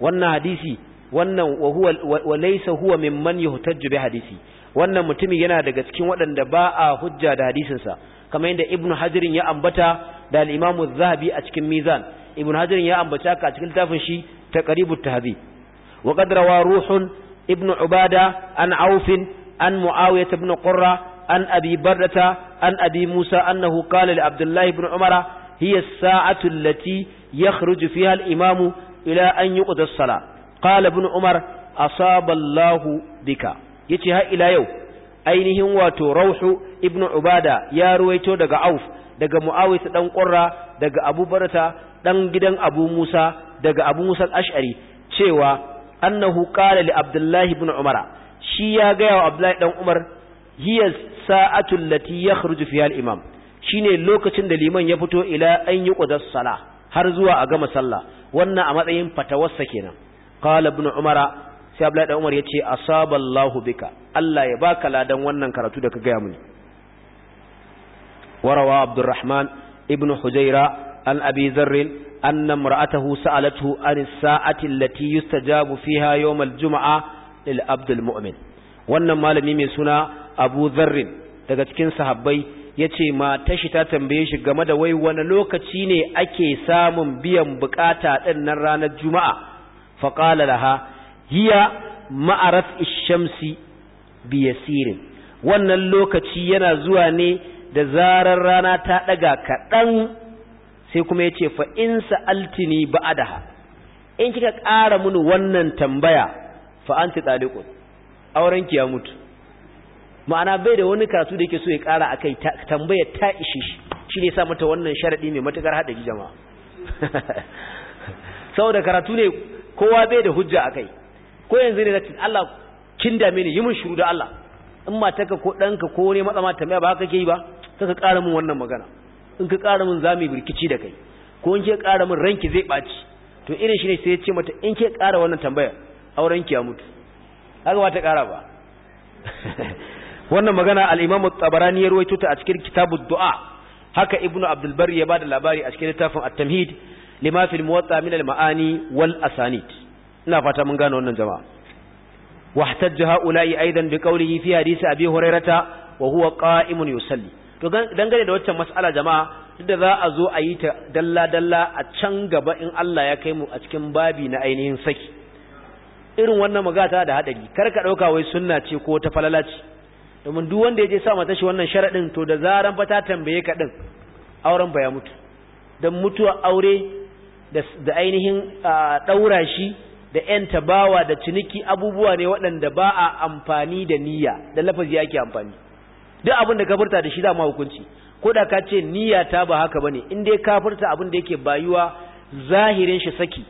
Speaker 1: wannan hadisi wannan wa huwa wa laysa huwa mimman yuhtajju bi hadisi wannan mutumin yana daga cikin waɗanda ba a hujja da hadisinsa kamar yadda ibn hajirin ya ambata da al'imamu zahabi a cikin mizan ibn hajirin ya ambata ka a cikin littafin shi ta ƙaribu ta hazi wa ƙadrawa ruhun ibn ubada an aufin an mu'awiyat ibn qurra an abi bardata an abi musa annahu qala li abdullahi ibn umara hiya as-sa'atu allati yakhruju fiha al-imamu ila an yuqda as-salah qala ibn umar asaba allah bika yace ha ila yau ainihin wato rauhu ibn ubada ya ruwaito daga auf daga mu'awis dan ƙurra daga abu barata dan gidan abu musa daga abu musa ash'ari cewa annahu qala li abdullahi ibn umara shi ya ga wa abdullahi dan umar hiya sa'atun lati yakhruju fiha al-imam shine lokacin da liman ya fito ila an yi qudas sala har zuwa a gama sallah wannan a matsayin fatawarsa kenan qala ibn umara sai Abdullahi dan Umar yace asaballahu bika Allah ya baka ladan wannan karatu da ka gaya mini warawa Abdurrahman ibn Hujaira an Abi Dharr anna imra'atahu sa'alathu an saati allati yustajabu fiha yawm al-jum'a lil abdul mu'min wannan malami mai suna Abu zarrin daga cikin sahabbai yace matar shi ta tambaye shi game da wai wani lokaci ne ake samun biyan bukata ɗin nan ranar juma'a faqala ha? hiya ma'araf ishamsi biyasirin wannan lokaci yana zuwa ne da zarar rana ta daga kaɗan sai kuma ya ce fa'in sa'altini ba'adaha in kika ƙara mini wannan tambaya fa'anti ɗalikun aurenki ya mutu ma'ana bai da wani kasu da yake so ya ƙara a kai tambayar ta ishe shi shi sa mata wannan sharaɗi mai matuƙar haɗari jama'a saboda karatu ne kowa bai da hujja a kai ko yanzu ne zaka Allah kin dame ni yi mun shiru da Allah in matarka ko danka ko ne matsama tambaya ba haka ke yi ba kaka ƙara min wannan magana in ka ƙara min zamu birkici da kai ko in ke ƙara min ranki zai ɓaci to irin shi ne sai ya ce mata in ke ƙara wannan tambaya ki ya mutu haka ba ta ƙara ba wannan magana al-Imam tabarani ya ruwaito ta a cikin kitabud du'a haka Ibn Abdul Barri ya bada labari a cikin littafin At-Tamhid lima fil Muwatta min al-Ma'ani wal Asanid ina fata mun gane wannan jama'a wahtajja haula'i aidan bi qawlihi fi hadisi abi hurairata wa huwa qa'imun yusalli to dangane da waccan mas'ala jama'a duk da za a zo a yi ta dalla dalla a can gaba in Allah ya kai mu a cikin babi na ainihin saki irin wannan magata da hadari kar ka dauka wai sunna ce ko ta falala ce domin duk wanda ya je sa mata shi wannan sharadin to da zaran fa ta tambaye ka din auren ba ya mutu dan mutuwa aure da ainihin daura shi da ‘yan tabawa da ciniki abubuwa ne waɗanda ba a amfani da niyya da lafazi ake amfani duk abin da kafirta da shi dama hukunci ko da ka ce niyya ta ba haka bane in dai kafirta abin da yake bayuwa zahirin shi saki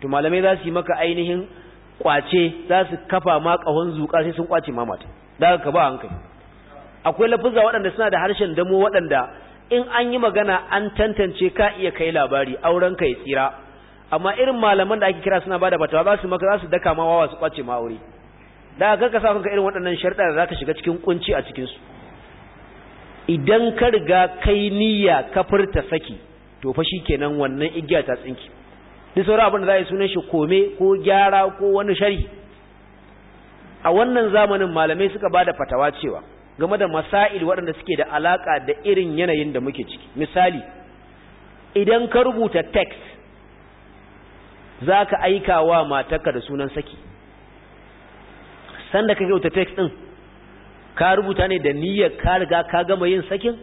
Speaker 1: to malamai za su yi maka ainihin kwace za su kafa ma ƙahon zuƙa sai sun kwace mamata da ka ba hankali akwai lafuzza waɗanda suna da harshen damo waɗanda in an yi magana an tantance ka iya kai labari auren ka ya tsira amma irin malaman da ake kira suna bada fatawa za su maka za su daka ma wawa su kwace ma aure da ka kasa kanka irin waɗannan sharɗa da zaka shiga cikin kunci a cikin su idan ka riga kai niyya ka furta saki to fa shikenan wannan igiya ta tsinki duk sauran abin da za a yi sunan shi kome ko gyara ko wani shari a wannan zamanin malamai suka bada fatawa cewa game da masail waɗanda suke da alaka da irin yanayin da muke ciki misali idan ka rubuta text za ka aika wa matarka da sunan saki sanda ka kyauta text ɗin ka rubuta ne da niyyar ka riga ka gama yin sakin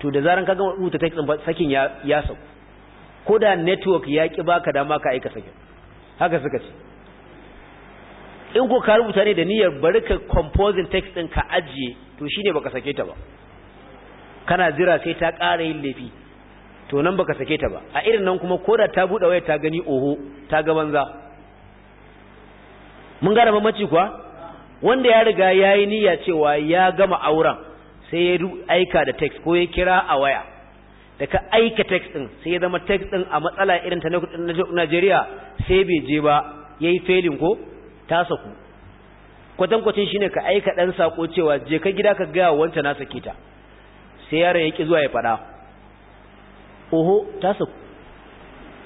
Speaker 1: to da zaran ka gama rubuta text ɗin sakin ya sako. ko da network ya ƙi baka dama ka aika sakin haka suka ce in ko ka rubuta ne da niyyar bari ka composing text ɗin ka ajiye to shine baka sake ta ba kana jira sai ta ƙara yin laifi to nan baka sake ta ba a irin nan kuma koda ta bude waya ta gani oho ta ga banza mun ga gara mamaci kuwa wanda ya riga yayi niyya cewa ya gama auren sai ya aika da text ko ya kira a waya da ka aika text din sai ya zama text din a matsala irin ta Najeriya sai bai je ba yayi failing ko ta saku kwatan kwatin shine ka aika dan sako cewa je ka gida ka ga wancan na sake ta sai yaron ya ki zuwa ya fada oho ta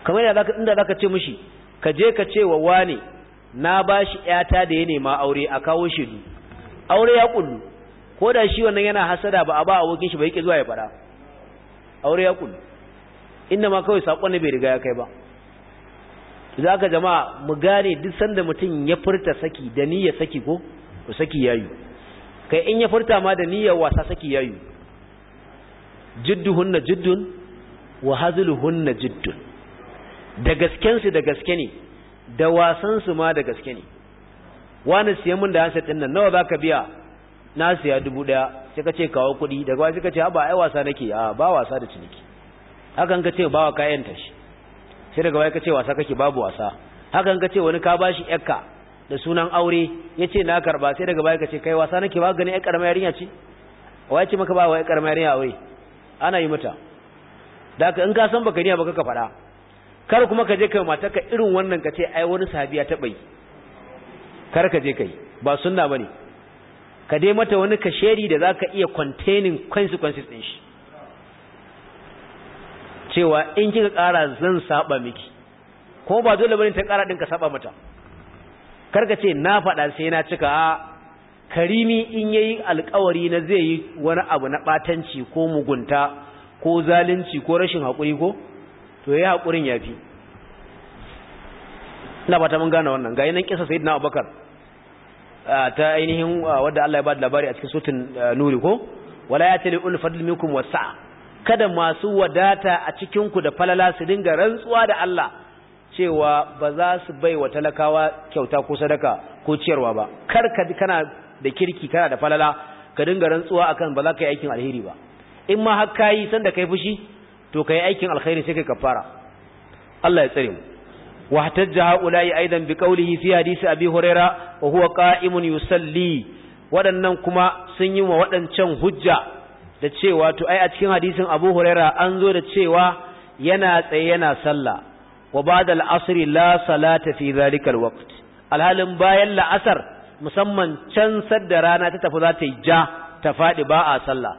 Speaker 1: kamar yana zaka inda zaka ce mishi ka je ka ce wa wane na bashi yata da ya nema aure a kawo du. aure ya kullu ko da shi wannan yana hasada ba a ba abokin shi ba yake zuwa ya fada aure ya kullu inda ma kawai sakon ne bai riga ya kai ba za ka jama'a mu gane duk sanda mutum ya furta saki da niyya saki ko ko saki yayi. kai in ya furta ma da niyyar wasa saki yayu jidduhunna jiddun wa hazluhunna jiddun da gasken su da gaske ne da wasan su ma da gaske ne wani siya mun da hansa dinnan nawa zaka biya na siya dubu daya sai ka ce kawo kuɗi daga wani ka ce ba ai wasa nake a ah, ba wasa da ciniki hakan ka ce ba wa kayan tashi sai daga wai ka ce wasa kake babu wasa hakan ka ce wani ka bashi yakka da sunan aure yace na karba sai daga baya ka ce kai wasa nake ba ganin yakkar karamar yarinya ce wai ce maka ba wai karamar yarinya aure ana yi mata da haka in ka san baka niya baka ka faɗa kar kuma ka je kai matarka irin wannan ka ce ai wani sahabi ya taɓa yi kar ka je kai ba sunna bane ka dai mata wani kasheri da zaka iya containing consequences din shi cewa in kika ƙara zan saba miki ko ba dole bane ta ƙara din ka saba mata kar ka ce na faɗa sai na cika karimi in yayi alƙawari na zai yi wani abu na batanci ko mugunta ko zalunci ko rashin haƙuri ko to ya haƙurin ya fi ina ba ta mun gane wannan ga yanan kisa sayyidina abubakar ta ainihin wadda Allah ya ba da labari a cikin sutun nuri ko wala ya tali ul fadl minkum wasa kada masu wadata a cikin ku da falala su dinga rantsuwa da Allah cewa ba za su bai wa talakawa kyauta ko sadaka ko ciyarwa ba kar ka kana da kirki kana da falala ka dinga rantsuwa akan ba za ka yi aikin alheri ba in ma har kayi sanda kai fushi to kai aikin alkhairi sai kai kafara Allah ya tsare mu wa hatajja ulai aidan bi qawlihi fi hadisi abi huraira wa huwa qa'imun yusalli waɗannan kuma sun yi wa waɗancan hujja da cewa to ai a cikin hadisin abu huraira an zo da cewa yana tsaye yana sallah wa ba'da al-asr la salata fi zalikal waqt alhalin bayan la'asar musamman can sadda rana ta tafi za ta yi ja ta faɗi ba a sallah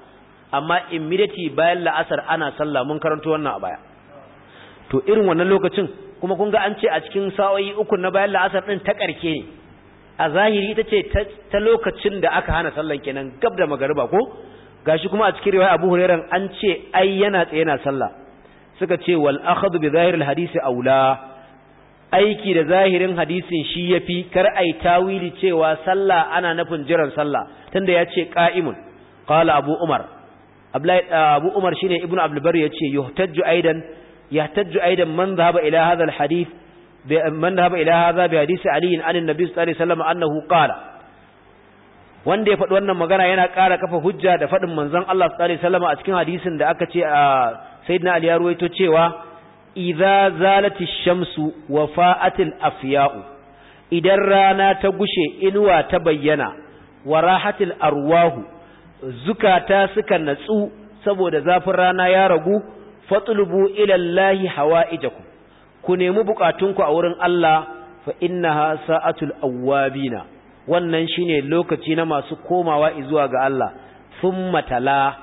Speaker 1: amma immediately bayan la'asar ana sallah mun karanto wannan a baya to irin wannan lokacin kuma kun ga an ce a cikin sa'o'i uku na bayan la'asar din ta karke ne a zahiri ita ce ta lokacin da aka hana sallan kenan gab da magariba ko gashi kuma a cikin riwaya Abu Hurairah an ce ai yana tsaye yana sallah suka ce wal akhadhu bi zahiril hadisi aula aiki da zahirin hadisin shi yafi kar a tawili cewa sallah ana nufin jiran sallah tunda ya ce qa'imun qala abu umar Uh, abu umar shine ibn abdulbar ya ce yuhtajju aidan yahtajju aidan man zahaba ila hadha alhadith man zahaba ila hadha bi hadisi ali an annabi sallallahu alaihi wasallam annahu qala wanda ya faɗi wannan magana yana ƙara kafa hujja da faɗin manzon Allah sallallahu alaihi wasallam a cikin hadisin da aka ce a uh, sayyidina ali ya ruwaito cewa idza zalati shamsu wa fa'atil afya'u idan rana ta gushe inuwa ta bayyana wa rahatil arwahu zukata suka natsu saboda zafin rana ya ragu fatulubu ilallahi hawaijakum ku nemi bukatunku a wurin Allah fa innaha sa'atul awabina wannan shine lokaci na masu komawa zuwa ga Allah thumma tala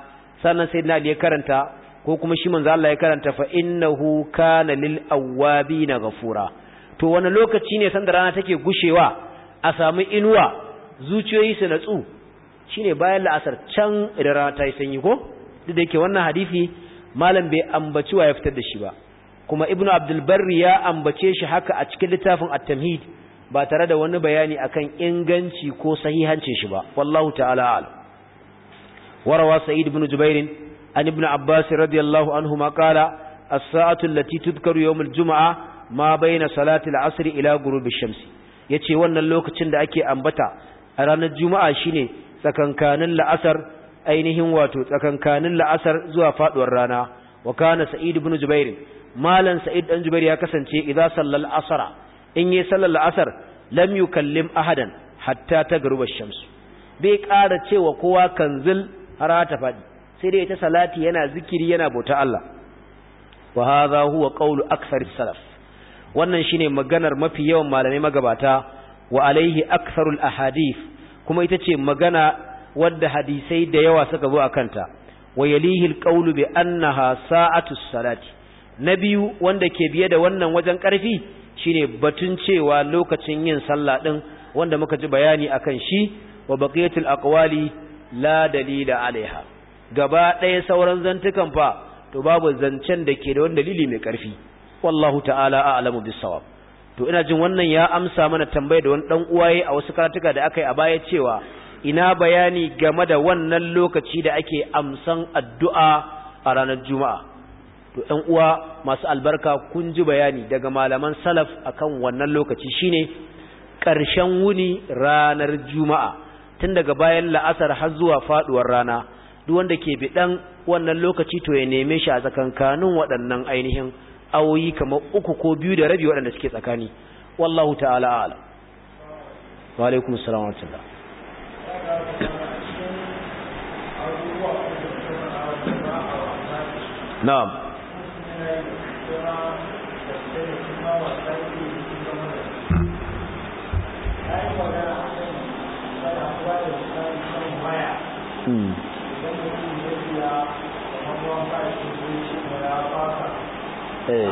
Speaker 1: sannan sai na ya karanta ko kuma shi manzo Allah ya karanta fa innahu kana lil fura. ghafura to wani lokaci ne sanda rana take gushewa a samu inuwa zuciyoyi su natsu shine bayan la'asar can idan rana ta yi sanyi ko duk da yake wannan hadisi malam bai ambaci wa ya fitar da shi ba kuma ibnu abdul barri ya ambace shi haka a cikin littafin at-tamhid ba tare da wani bayani akan inganci ko sahihancin shi ba wallahu ta'ala a'lam warawa sa'id ibn jubair an ibn abbas radiyallahu anhu qala as-sa'atu allati tudhkaru yawm al-jum'a ma bayna salati al-'asr ila ghurub ash-shams yace wannan lokacin da ake ambata a ranar juma'a shine tsakankanin la'asar ainihin wato tsakankanin la'asar zuwa faduwar rana wa kana sa'id ibn zubair malan sa'id dan zubair ya kasance idza sallal asara in yi sallar la'asar lam yukallim ahadan hatta tagruba shamsu bai ƙara cewa kowa kanzil har ta fadi sai dai ta salati yana zikiri yana bauta Allah wa hadha huwa qawlu akthar salaf wannan shine maganar mafi yawan malamai magabata wa alaihi aktharul ahadith kuma ita ce magana wadda hadisai da yawa suka zo a wa yalihi alqawlu bi annaha sa'atu salati na biyu wanda ke biye da wannan wajen karfi shine batun cewa lokacin yin sallah din wanda muka ji bayani akan shi wa baqiyatul aqwali la dalila alaiha gaba ɗaya sauran zantukan fa to babu zancen da ke da wani dalili mai karfi wallahu ta'ala a'lamu bis-sawab to ina jin wannan ya amsa mana tambayar da wani dan uwaye a wasu karatuka da aka yi a baya cewa ina bayani game da wannan lokaci da ake amsan addu'a a ranar juma'a to ɗan uwa masu albarka kun ji bayani daga malaman salaf akan wannan lokaci shine ƙarshen wuni ranar juma'a tun daga bayan la'asar har zuwa faduwar rana duk wanda ke bi biɗan wannan lokaci to ya neme shi a tsakankanin waɗannan ainihin awoyi kamar uku ko biyu da rabi waɗanda suke tsakani wallahu ta'ala ala wa alaikum assalam wa rahmatullah na'am eh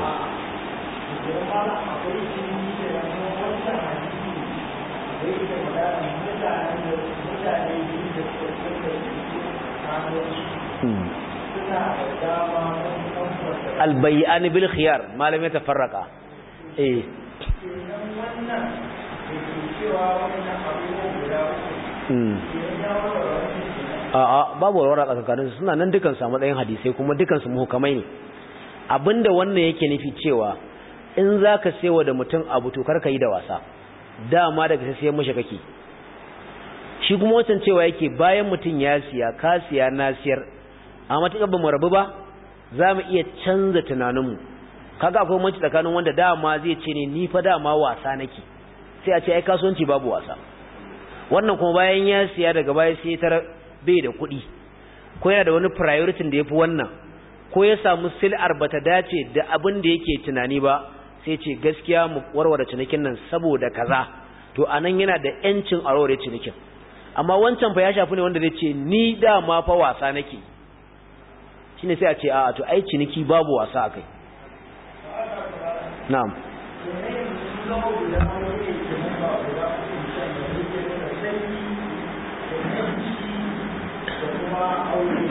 Speaker 1: بالخيار ما لم ايه a'a babu warwara tsakanin suna nan dukan su a matsayin hadisai kuma dukan su muhukamai ne abinda wannan yake nufi cewa in zaka sayo da mutum abu to ka yi da wasa dama daga sai sayan mishi kake shi kuma wancan cewa yake bayan mutum ya siya ka siya na siyar a matuƙar ba mu rabu ba za mu iya canza tunaninmu kaga akwai mace tsakanin wanda dama zai ce ne ni fa dama wasa nake sai a ce ai kasuwanci babu wasa wannan kuma bayan ya siya daga baya sai tar bai da kuɗi ko yana da wani priority da ya fi wannan ko ya samu sil'ar ta dace da abin da yake tunani ba sai ce gaskiya mu warware cinikin nan saboda kaza to anan yana da yancin a warware cinikin amma wancan fa ya shafi ne wanda zai ce ni da ma fa wasa nake shine sai a ce a'a to ai ciniki babu wasa akai na'am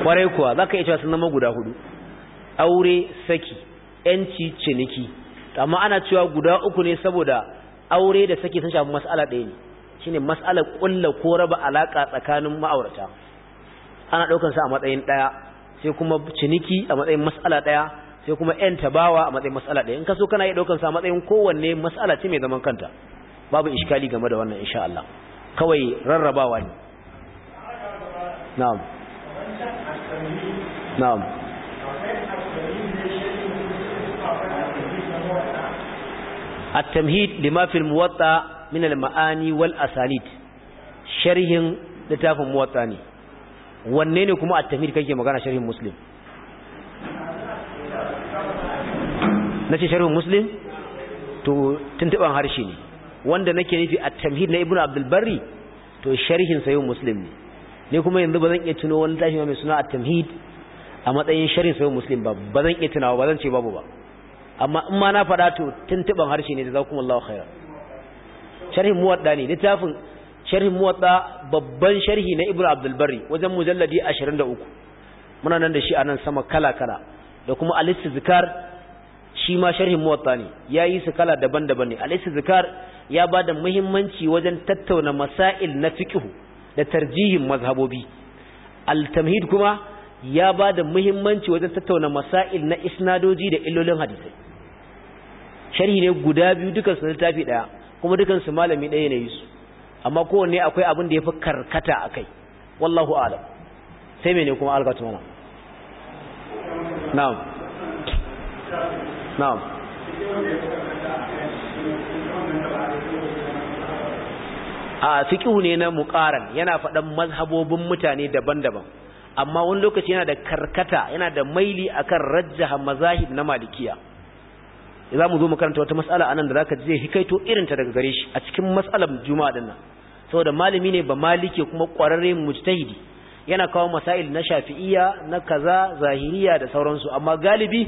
Speaker 1: kwarai kuwa za ka iya cewa sun zama guda hudu aure saki yanci ciniki amma ana cewa guda uku ne saboda aure da saki sun shafi mas'ala ɗaya ne shine mas'ala ƙulla ko raba alaƙa tsakanin ma'aurata ana ɗaukar sa a matsayin ɗaya sai kuma ciniki a matsayin mas'ala ɗaya sai kuma yan tabawa a matsayin mas'ala ɗaya in ka so kana iya ɗaukar sa a matsayin kowanne mas'ala ce mai zaman kanta babu iskali game da wannan insha Allah kawai rarrabawa ne na'am na'am at-tamhid lima fil muwatta min al-ma'ani wal asanid sharhin littafin muwatta ne wanne ne kuma at-tamhid kake magana sharhin muslim nace sharhin muslim to tuntuban harshe ne wanda nake nufi at-tamhid na ibnu abdul barri to sharhin sayyid muslim ne ne kuma yanzu bazan iya tuno wani tashi mai suna at-tamhid a matsayin sharhin sayyid muslim ba bazan iya tunawa bazan ce babu ba amma in ma na faɗa to tuntuban harshe ne jazakumullahu khairan sharhin muwadda ne littafin sharhin muwadda babban sharhi na ibnu abdul barri wajen mujalladi 23 muna nan da shi anan sama kala kala da kuma al Zikar shi ma sharhin muwadda ne Ya yi su kala daban-daban ne al Zikar ya bada muhimmanci wajen tattauna masail na fiqh da tarjihin mazhabobi al-tamhid kuma ya ba da muhimmanci wajen tattauna masail na isnadoji da illolin hadisi sharhi ne guda biyu dukan su littafi daya kuma dukan su malami daya ne yusu amma kowanne akwai abin da ya fi karkata akai wallahu alam sai mene kuma algatu mana na'am na'am a fiqhu ne na muqaran yana faɗan mazhabobin mutane daban-daban amma wani lokaci yana da karkata yana da maili akan rajjaha mazahib na malikiya za mu zo mu wata mas'ala anan da zaka ji zai hikaito irin ta daga gare shi a cikin mas'alar juma'a din nan saboda malami ne ba malike kuma kwararre mujtahidi yana kawo masail na shafi'iyya na kaza zahiriya da sauransu amma galibi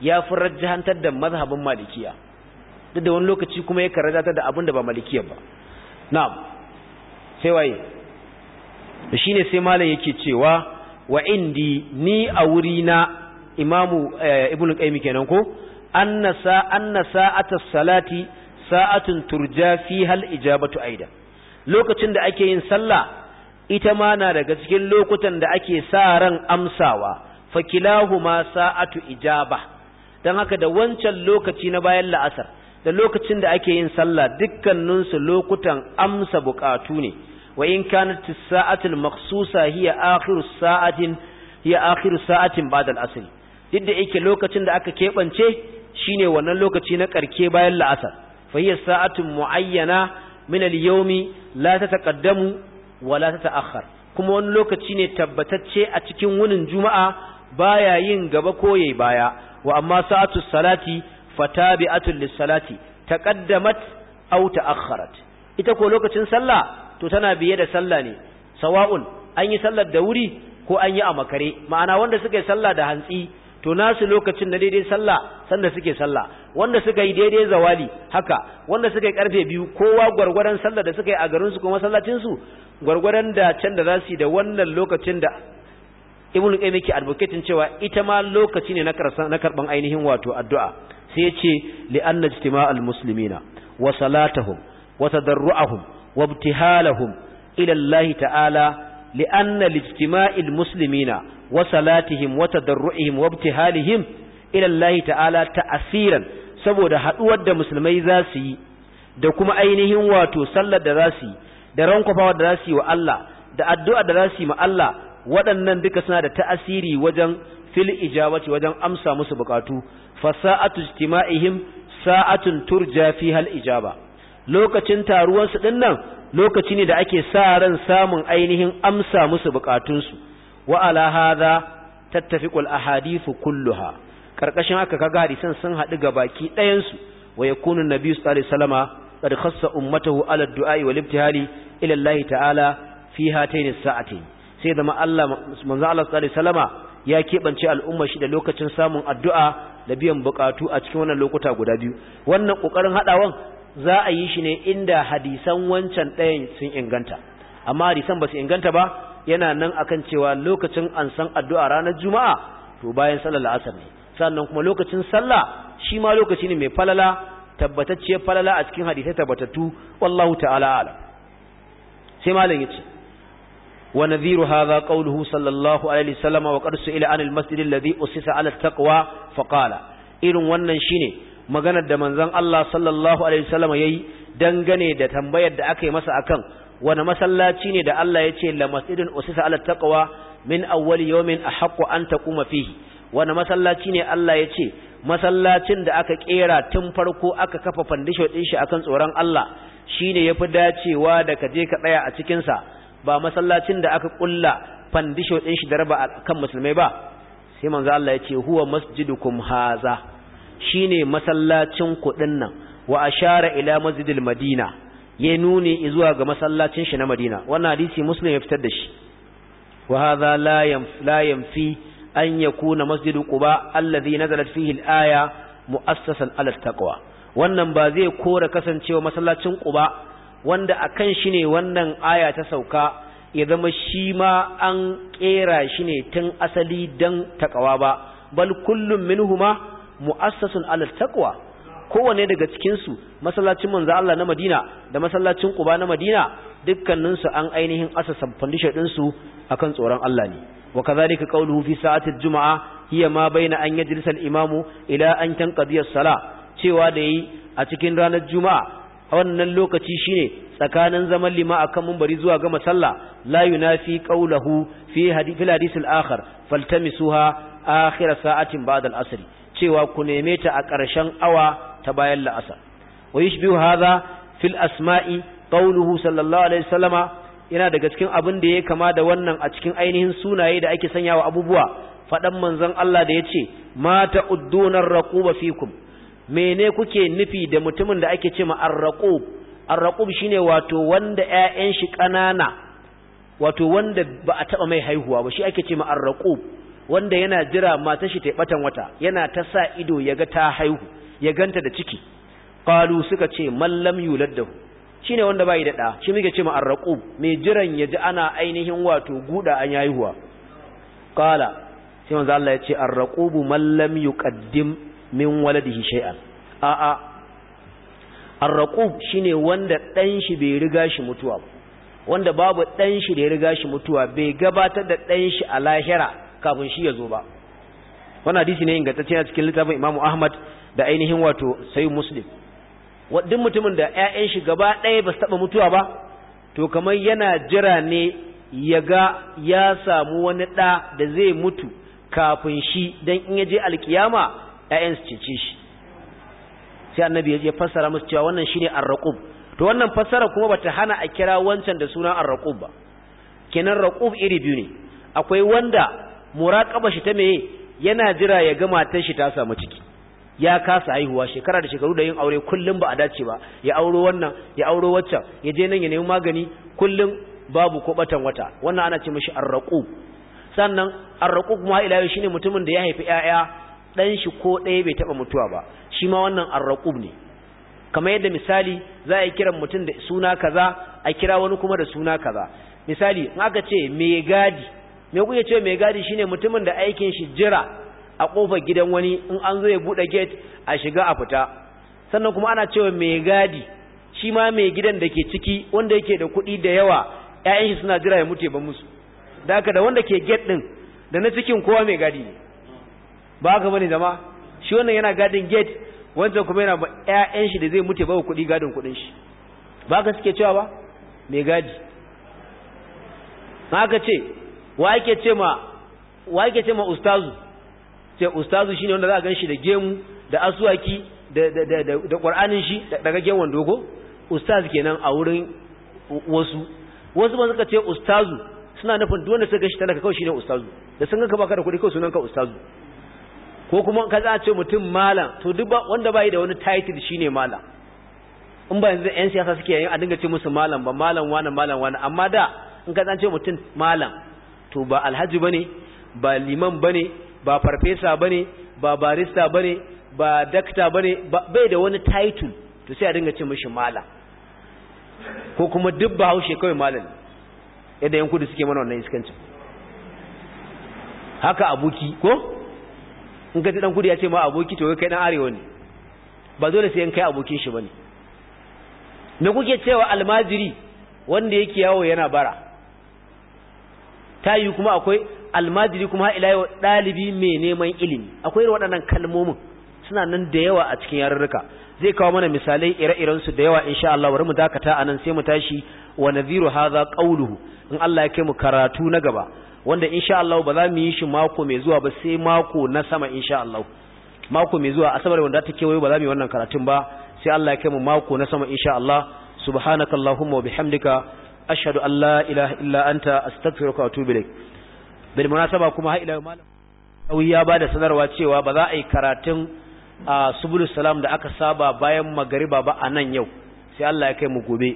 Speaker 1: ya fi rajjahantar da mazhabin malikiya duk da wani lokaci kuma ya karrajatar da abin da ba malikiya ba na'am sai waye shine sai malam yake cewa wa indi ni a wuri na imamu eh, ibnu qayyim kenan ko anna sa anna salati sa'atun turja fi hal ijabatu aida lokacin da ake yin sallah ita ma na daga cikin lokutan da ake sa ran amsawa fa kilahuma sa'atu ijaba dan haka da wancan lokaci na bayan la'asar da lokacin da ake yin sallah su lokutan amsa bukatu ne wa in kanat sa'atu saatul maqsusa hiya akhiru sa'atin hiya akhiru sa'atin ba'da al-asr duk da yake lokacin da aka kebance shine wannan lokaci na karke bayan la'asar fa hiya sa'atun muayyana min al-yawmi la tataqaddamu wa la tata'akhkhar kuma wani lokaci ne tabbatacce a cikin wunin juma'a baya yin gaba ko yayi baya wa amma sa'atu salati fatabi'atun lis-salati taqaddamat aw ta'akhkharat ita ko lokacin sallah to tana biye da sallah ne sawa'un an yi sallar da wuri ko an yi a makare ma'ana wanda suka yi sallah da hantsi to nasu lokacin na daidai sallah sanda suke sallah wanda suka yi daidai zawali haka wanda suka yi karfe biyu kowa gwargwaran sallah da suka yi a garin su kuma sallacin su gwargwaran da can da za su yi da wannan lokacin da ibnu qayyim yake advocating cewa ita ma lokaci ne na karban ainihin wato addu'a sai ce li anna ijtima'al muslimina wa salatahum wa tadarru'ahum wa ibtihalahum ila Allah ta'ala li anna lijtima'il muslimina wa salatihim wa tadarru'ihim wa ibtihalihim ila Allah ta'ala ta'asiran saboda haduwar da musulmai za su yi da kuma ainihin wato sallar da za su da rankwafawa da za su wa Allah da addu'a da za su yi ma Allah waɗannan duka suna da ta'asiri wajen fil ijabati wajen amsa musu bukatu fasa'atu ijtima'ihim sa'atun turja fi hal ijaba lokacin taruwansu dinnan lokaci ne da ake sa ran samun ainihin amsa musu bukatunsu wa ala hadha tattafiqu al ahadith kulluha karkashin haka kaga hadisan sun hadu ga baki ɗayansu. su wa yakunu nabi sallallahu alaihi wasallama qad khassa ummatahu ala du'ai wal ibtihali ila Allah ta'ala fi hatayn sa'atin sai zama Allah manzo Allah sallallahu alaihi ya keɓance al'umma shi da lokacin samun addu'a da biyan bukatu a cikin wannan lokuta guda biyu wannan ƙoƙarin haɗawan za a yi shi ne inda hadisan wancan ɗayan sun inganta amma hadisan ba su inganta ba yana nan akan cewa lokacin an san addu'a ranar juma'a to bayan sallar la'asar ne sannan kuma lokacin sallah shi ma lokaci ne mai falala tabbatacciyar falala a cikin hadisai tabbatattu wallahu ta'ala ala sai malam yace wa nadhiru hadha qawluhu sallallahu alaihi wasallam wa qad su'ila anil masjid alladhi usisa ala taqwa fa qala irin wannan shine maganar da manzon Allah sallallahu alaihi wasallam yayi dangane da tambayar da aka yi masa akan wani masallaci ne da Allah ya ce la masjidin usisa ala taqwa min awwali yawmin ahaqqu an taquma fihi wani masallaci ne Allah ya ce masallacin da aka kera tun farko aka kafa foundation din shi akan tsoron Allah shine yafi dacewa da kaje ka tsaya a cikin sa ba masallacin da aka kulla foundation din shi da raba kan musulmai ba sai manzo Allah ya ce huwa masjidukum haza shine masallacin ku dinnan wa ashara ila masjidil madina ya nuni zuwa ga masallacin shi na Madina wannan hadisi Muslim ya fitar da shi wa hadha la fi an yakuna masjidu quba alladhi nazalat fihi al-aya mu'assasan ala taqwa wannan ba zai kora kasancewa masallacin quba wanda akan shi ne wannan aya ta sauka ya zama shi ma an kera shi ne tun asali dan taqwa ba bal kullum minhumma mu'assasun ala taqwa kowanne daga cikinsu masallacin manzo Allah na Madina da masallacin Quba na Madina dukkaninsu an ainihin asasa foundation ɗinsu akan tsoron Allah ne wa kadhalika qawluhu fi sa'ati al-jum'a hiya ma baina an yajlisa al-imamu ila an tanqadiya as-salah cewa da yi a cikin ranar juma'a wannan lokaci shine tsakanin zaman lima akan munbari zuwa gama sallah la yunafi qawluhu fi hadith hadith al-akhar faltamisuha akhir sa'atin ba'da al-asr cewa ku neme ta a ƙarshen awa ta bayan la'asar wa yushbihu haza fil asma'i qawluhu sallallahu alaihi sallama, yana daga cikin abin da ya kama da wannan a cikin ainihin sunaye da ake wa abubuwa faɗan manzon Allah da ya ce ma ta'uddunar raquba fikum mene kuke nufi da mutumin da ake ce ma arraqub arraqub shine wato wanda ƴaƴan shi ƙanana wato wanda ba a taba mai haihuwa ba shi ake ce ma arraqub wanda yana jira matar shi ta batan wata yana ta sa ido ya ga ta haihu ya ganta da ciki qalu suka ce mallam Shi shine wanda bai da da shi muke ce ma mai jiran ya ji ana ainihin wato guda an yayi huwa qala sai manzo Allah ya ce arraqubu mallam yuqaddim min waladihi shay'an a a shi shine wanda dan shi bai riga shi mutuwa wanda babu dan shi da ya riga shi mutuwa bai gabatar da dan shi a lahira kafin shi ya zo ba wannan hadisi ne ingantacce a cikin littafin Imam Ahmad da ainihin wato sai muslim duk mutumin da 'ya'yan shi gaba ɗaya ba su taɓa mutuwa ba to kamar yana jira ne ya ga ya samu wani ɗa da zai mutu kafin shi don in ya je alkiyama 'ya'yan su cece shi sai annabi ya fassara musu cewa wannan shine arraqub to wannan fassara kuma bata hana a kira wancan da suna arraqub ba kenan raqub iri biyu ne akwai wanda muraqaba shi ta meye yana jira ya ga matar shi ta samu ciki ya kasa haihuwa shekara da shekaru da yin aure kullum ba a dace ba ya auro wannan ya auro waccan ya je nan ya nemi magani kullum babu ko batan wata wannan ana ce mishi arraku sannan arraqub kuma ila yau shine mutumin da ya haifi 'ya'ya dan shi ko ɗaya bai taba mutuwa ba shi ma wannan arraku ne kamar yadda misali za a kiran mutum da suna kaza a kira wani kuma da suna kaza misali in aka ce mai gadi me kuke ce mai gadi shine mutumin da aikin shi jira a kofar gidan wani in an zo ya bude gate a shiga a fita sannan kuma ana cewa mai gadi shi ma mai gidan da ke ciki wanda yake da kuɗi da yawa ƴaƴan shi suna jira ya mutu ba musu da haka da wanda ke gate din da na cikin kowa mai gadi ne ba haka bane zama shi wannan yana gadin gate wancan kuma yana ba ƴaƴan shi da zai mutu ba kuɗi gadin kuɗin shi ba haka suke cewa ba mai gadi haka ce wa ake ce ma wa ake ce ma ustazu ce ustazu shine wanda za a ganshi da gemu da aswaki da da da da qur'anin shi daga gagen wando ko ustaz kenan a wurin wasu wasu ba suka ce ustazu suna nufin duk wanda suka gashi talaka kawai shine ustazu da sun ganka baka da kuɗi kawai sunan ka ustazu ko kuma ka za a ce mutum malam to duk wanda bai da wani title shine malam in ba yanzu yan siyasa suke yin a dinga ce musu malam ba malam wani malam wani amma da in ka zance mutum malam to ba alhaji bane ba liman bane ba farfesa bane ba barista bane ba dakta bane bai da wani title to sai a dinga ce mashi mala. ko kuma duk haushe kawai malam yadda yan kudu suke mana wannan iskancin haka aboki ko in ka ji dan kudu ya ce ma aboki to kai dan arewa ne ba dole sai in kai abokin shi bane me kuke cewa almajiri wanda yake yawo yana bara tayi kuma akwai almajiri kuma ila yau ɗalibi mai neman ilimi akwai waɗannan kalmomin suna nan da yawa a cikin yarurruka zai kawo mana misalai ire-iren su da yawa insha Allah bari mu dakata anan sai mu tashi wa nadhiru hadha qawluhu in Allah ya kai mu karatu na gaba wanda insha Allah ba za mu yi shi mako mai zuwa ba sai mako na sama insha Allah mako mai zuwa asabar wanda ta kewayo ba za mu yi wannan karatun ba sai Allah ya kai mu mako na sama insha Allah subhanakallahumma wa bihamdika ashhadu an la ilaha illa anta astaghfiruka wa atubu ilaik bil munasaba kuma ha ila malam ya ya bada sanarwa cewa ba za a yi karatun subul salam da aka saba bayan magariba ba a nan yau sai Allah ya kai mu gobe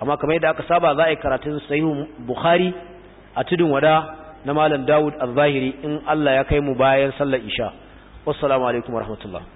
Speaker 1: amma kamar yadda aka saba za a yi karatun sahihu bukhari a tudun wada na malam daud az-zahiri in Allah ya kai mu bayan sallar isha wassalamu alaikum warahmatullahi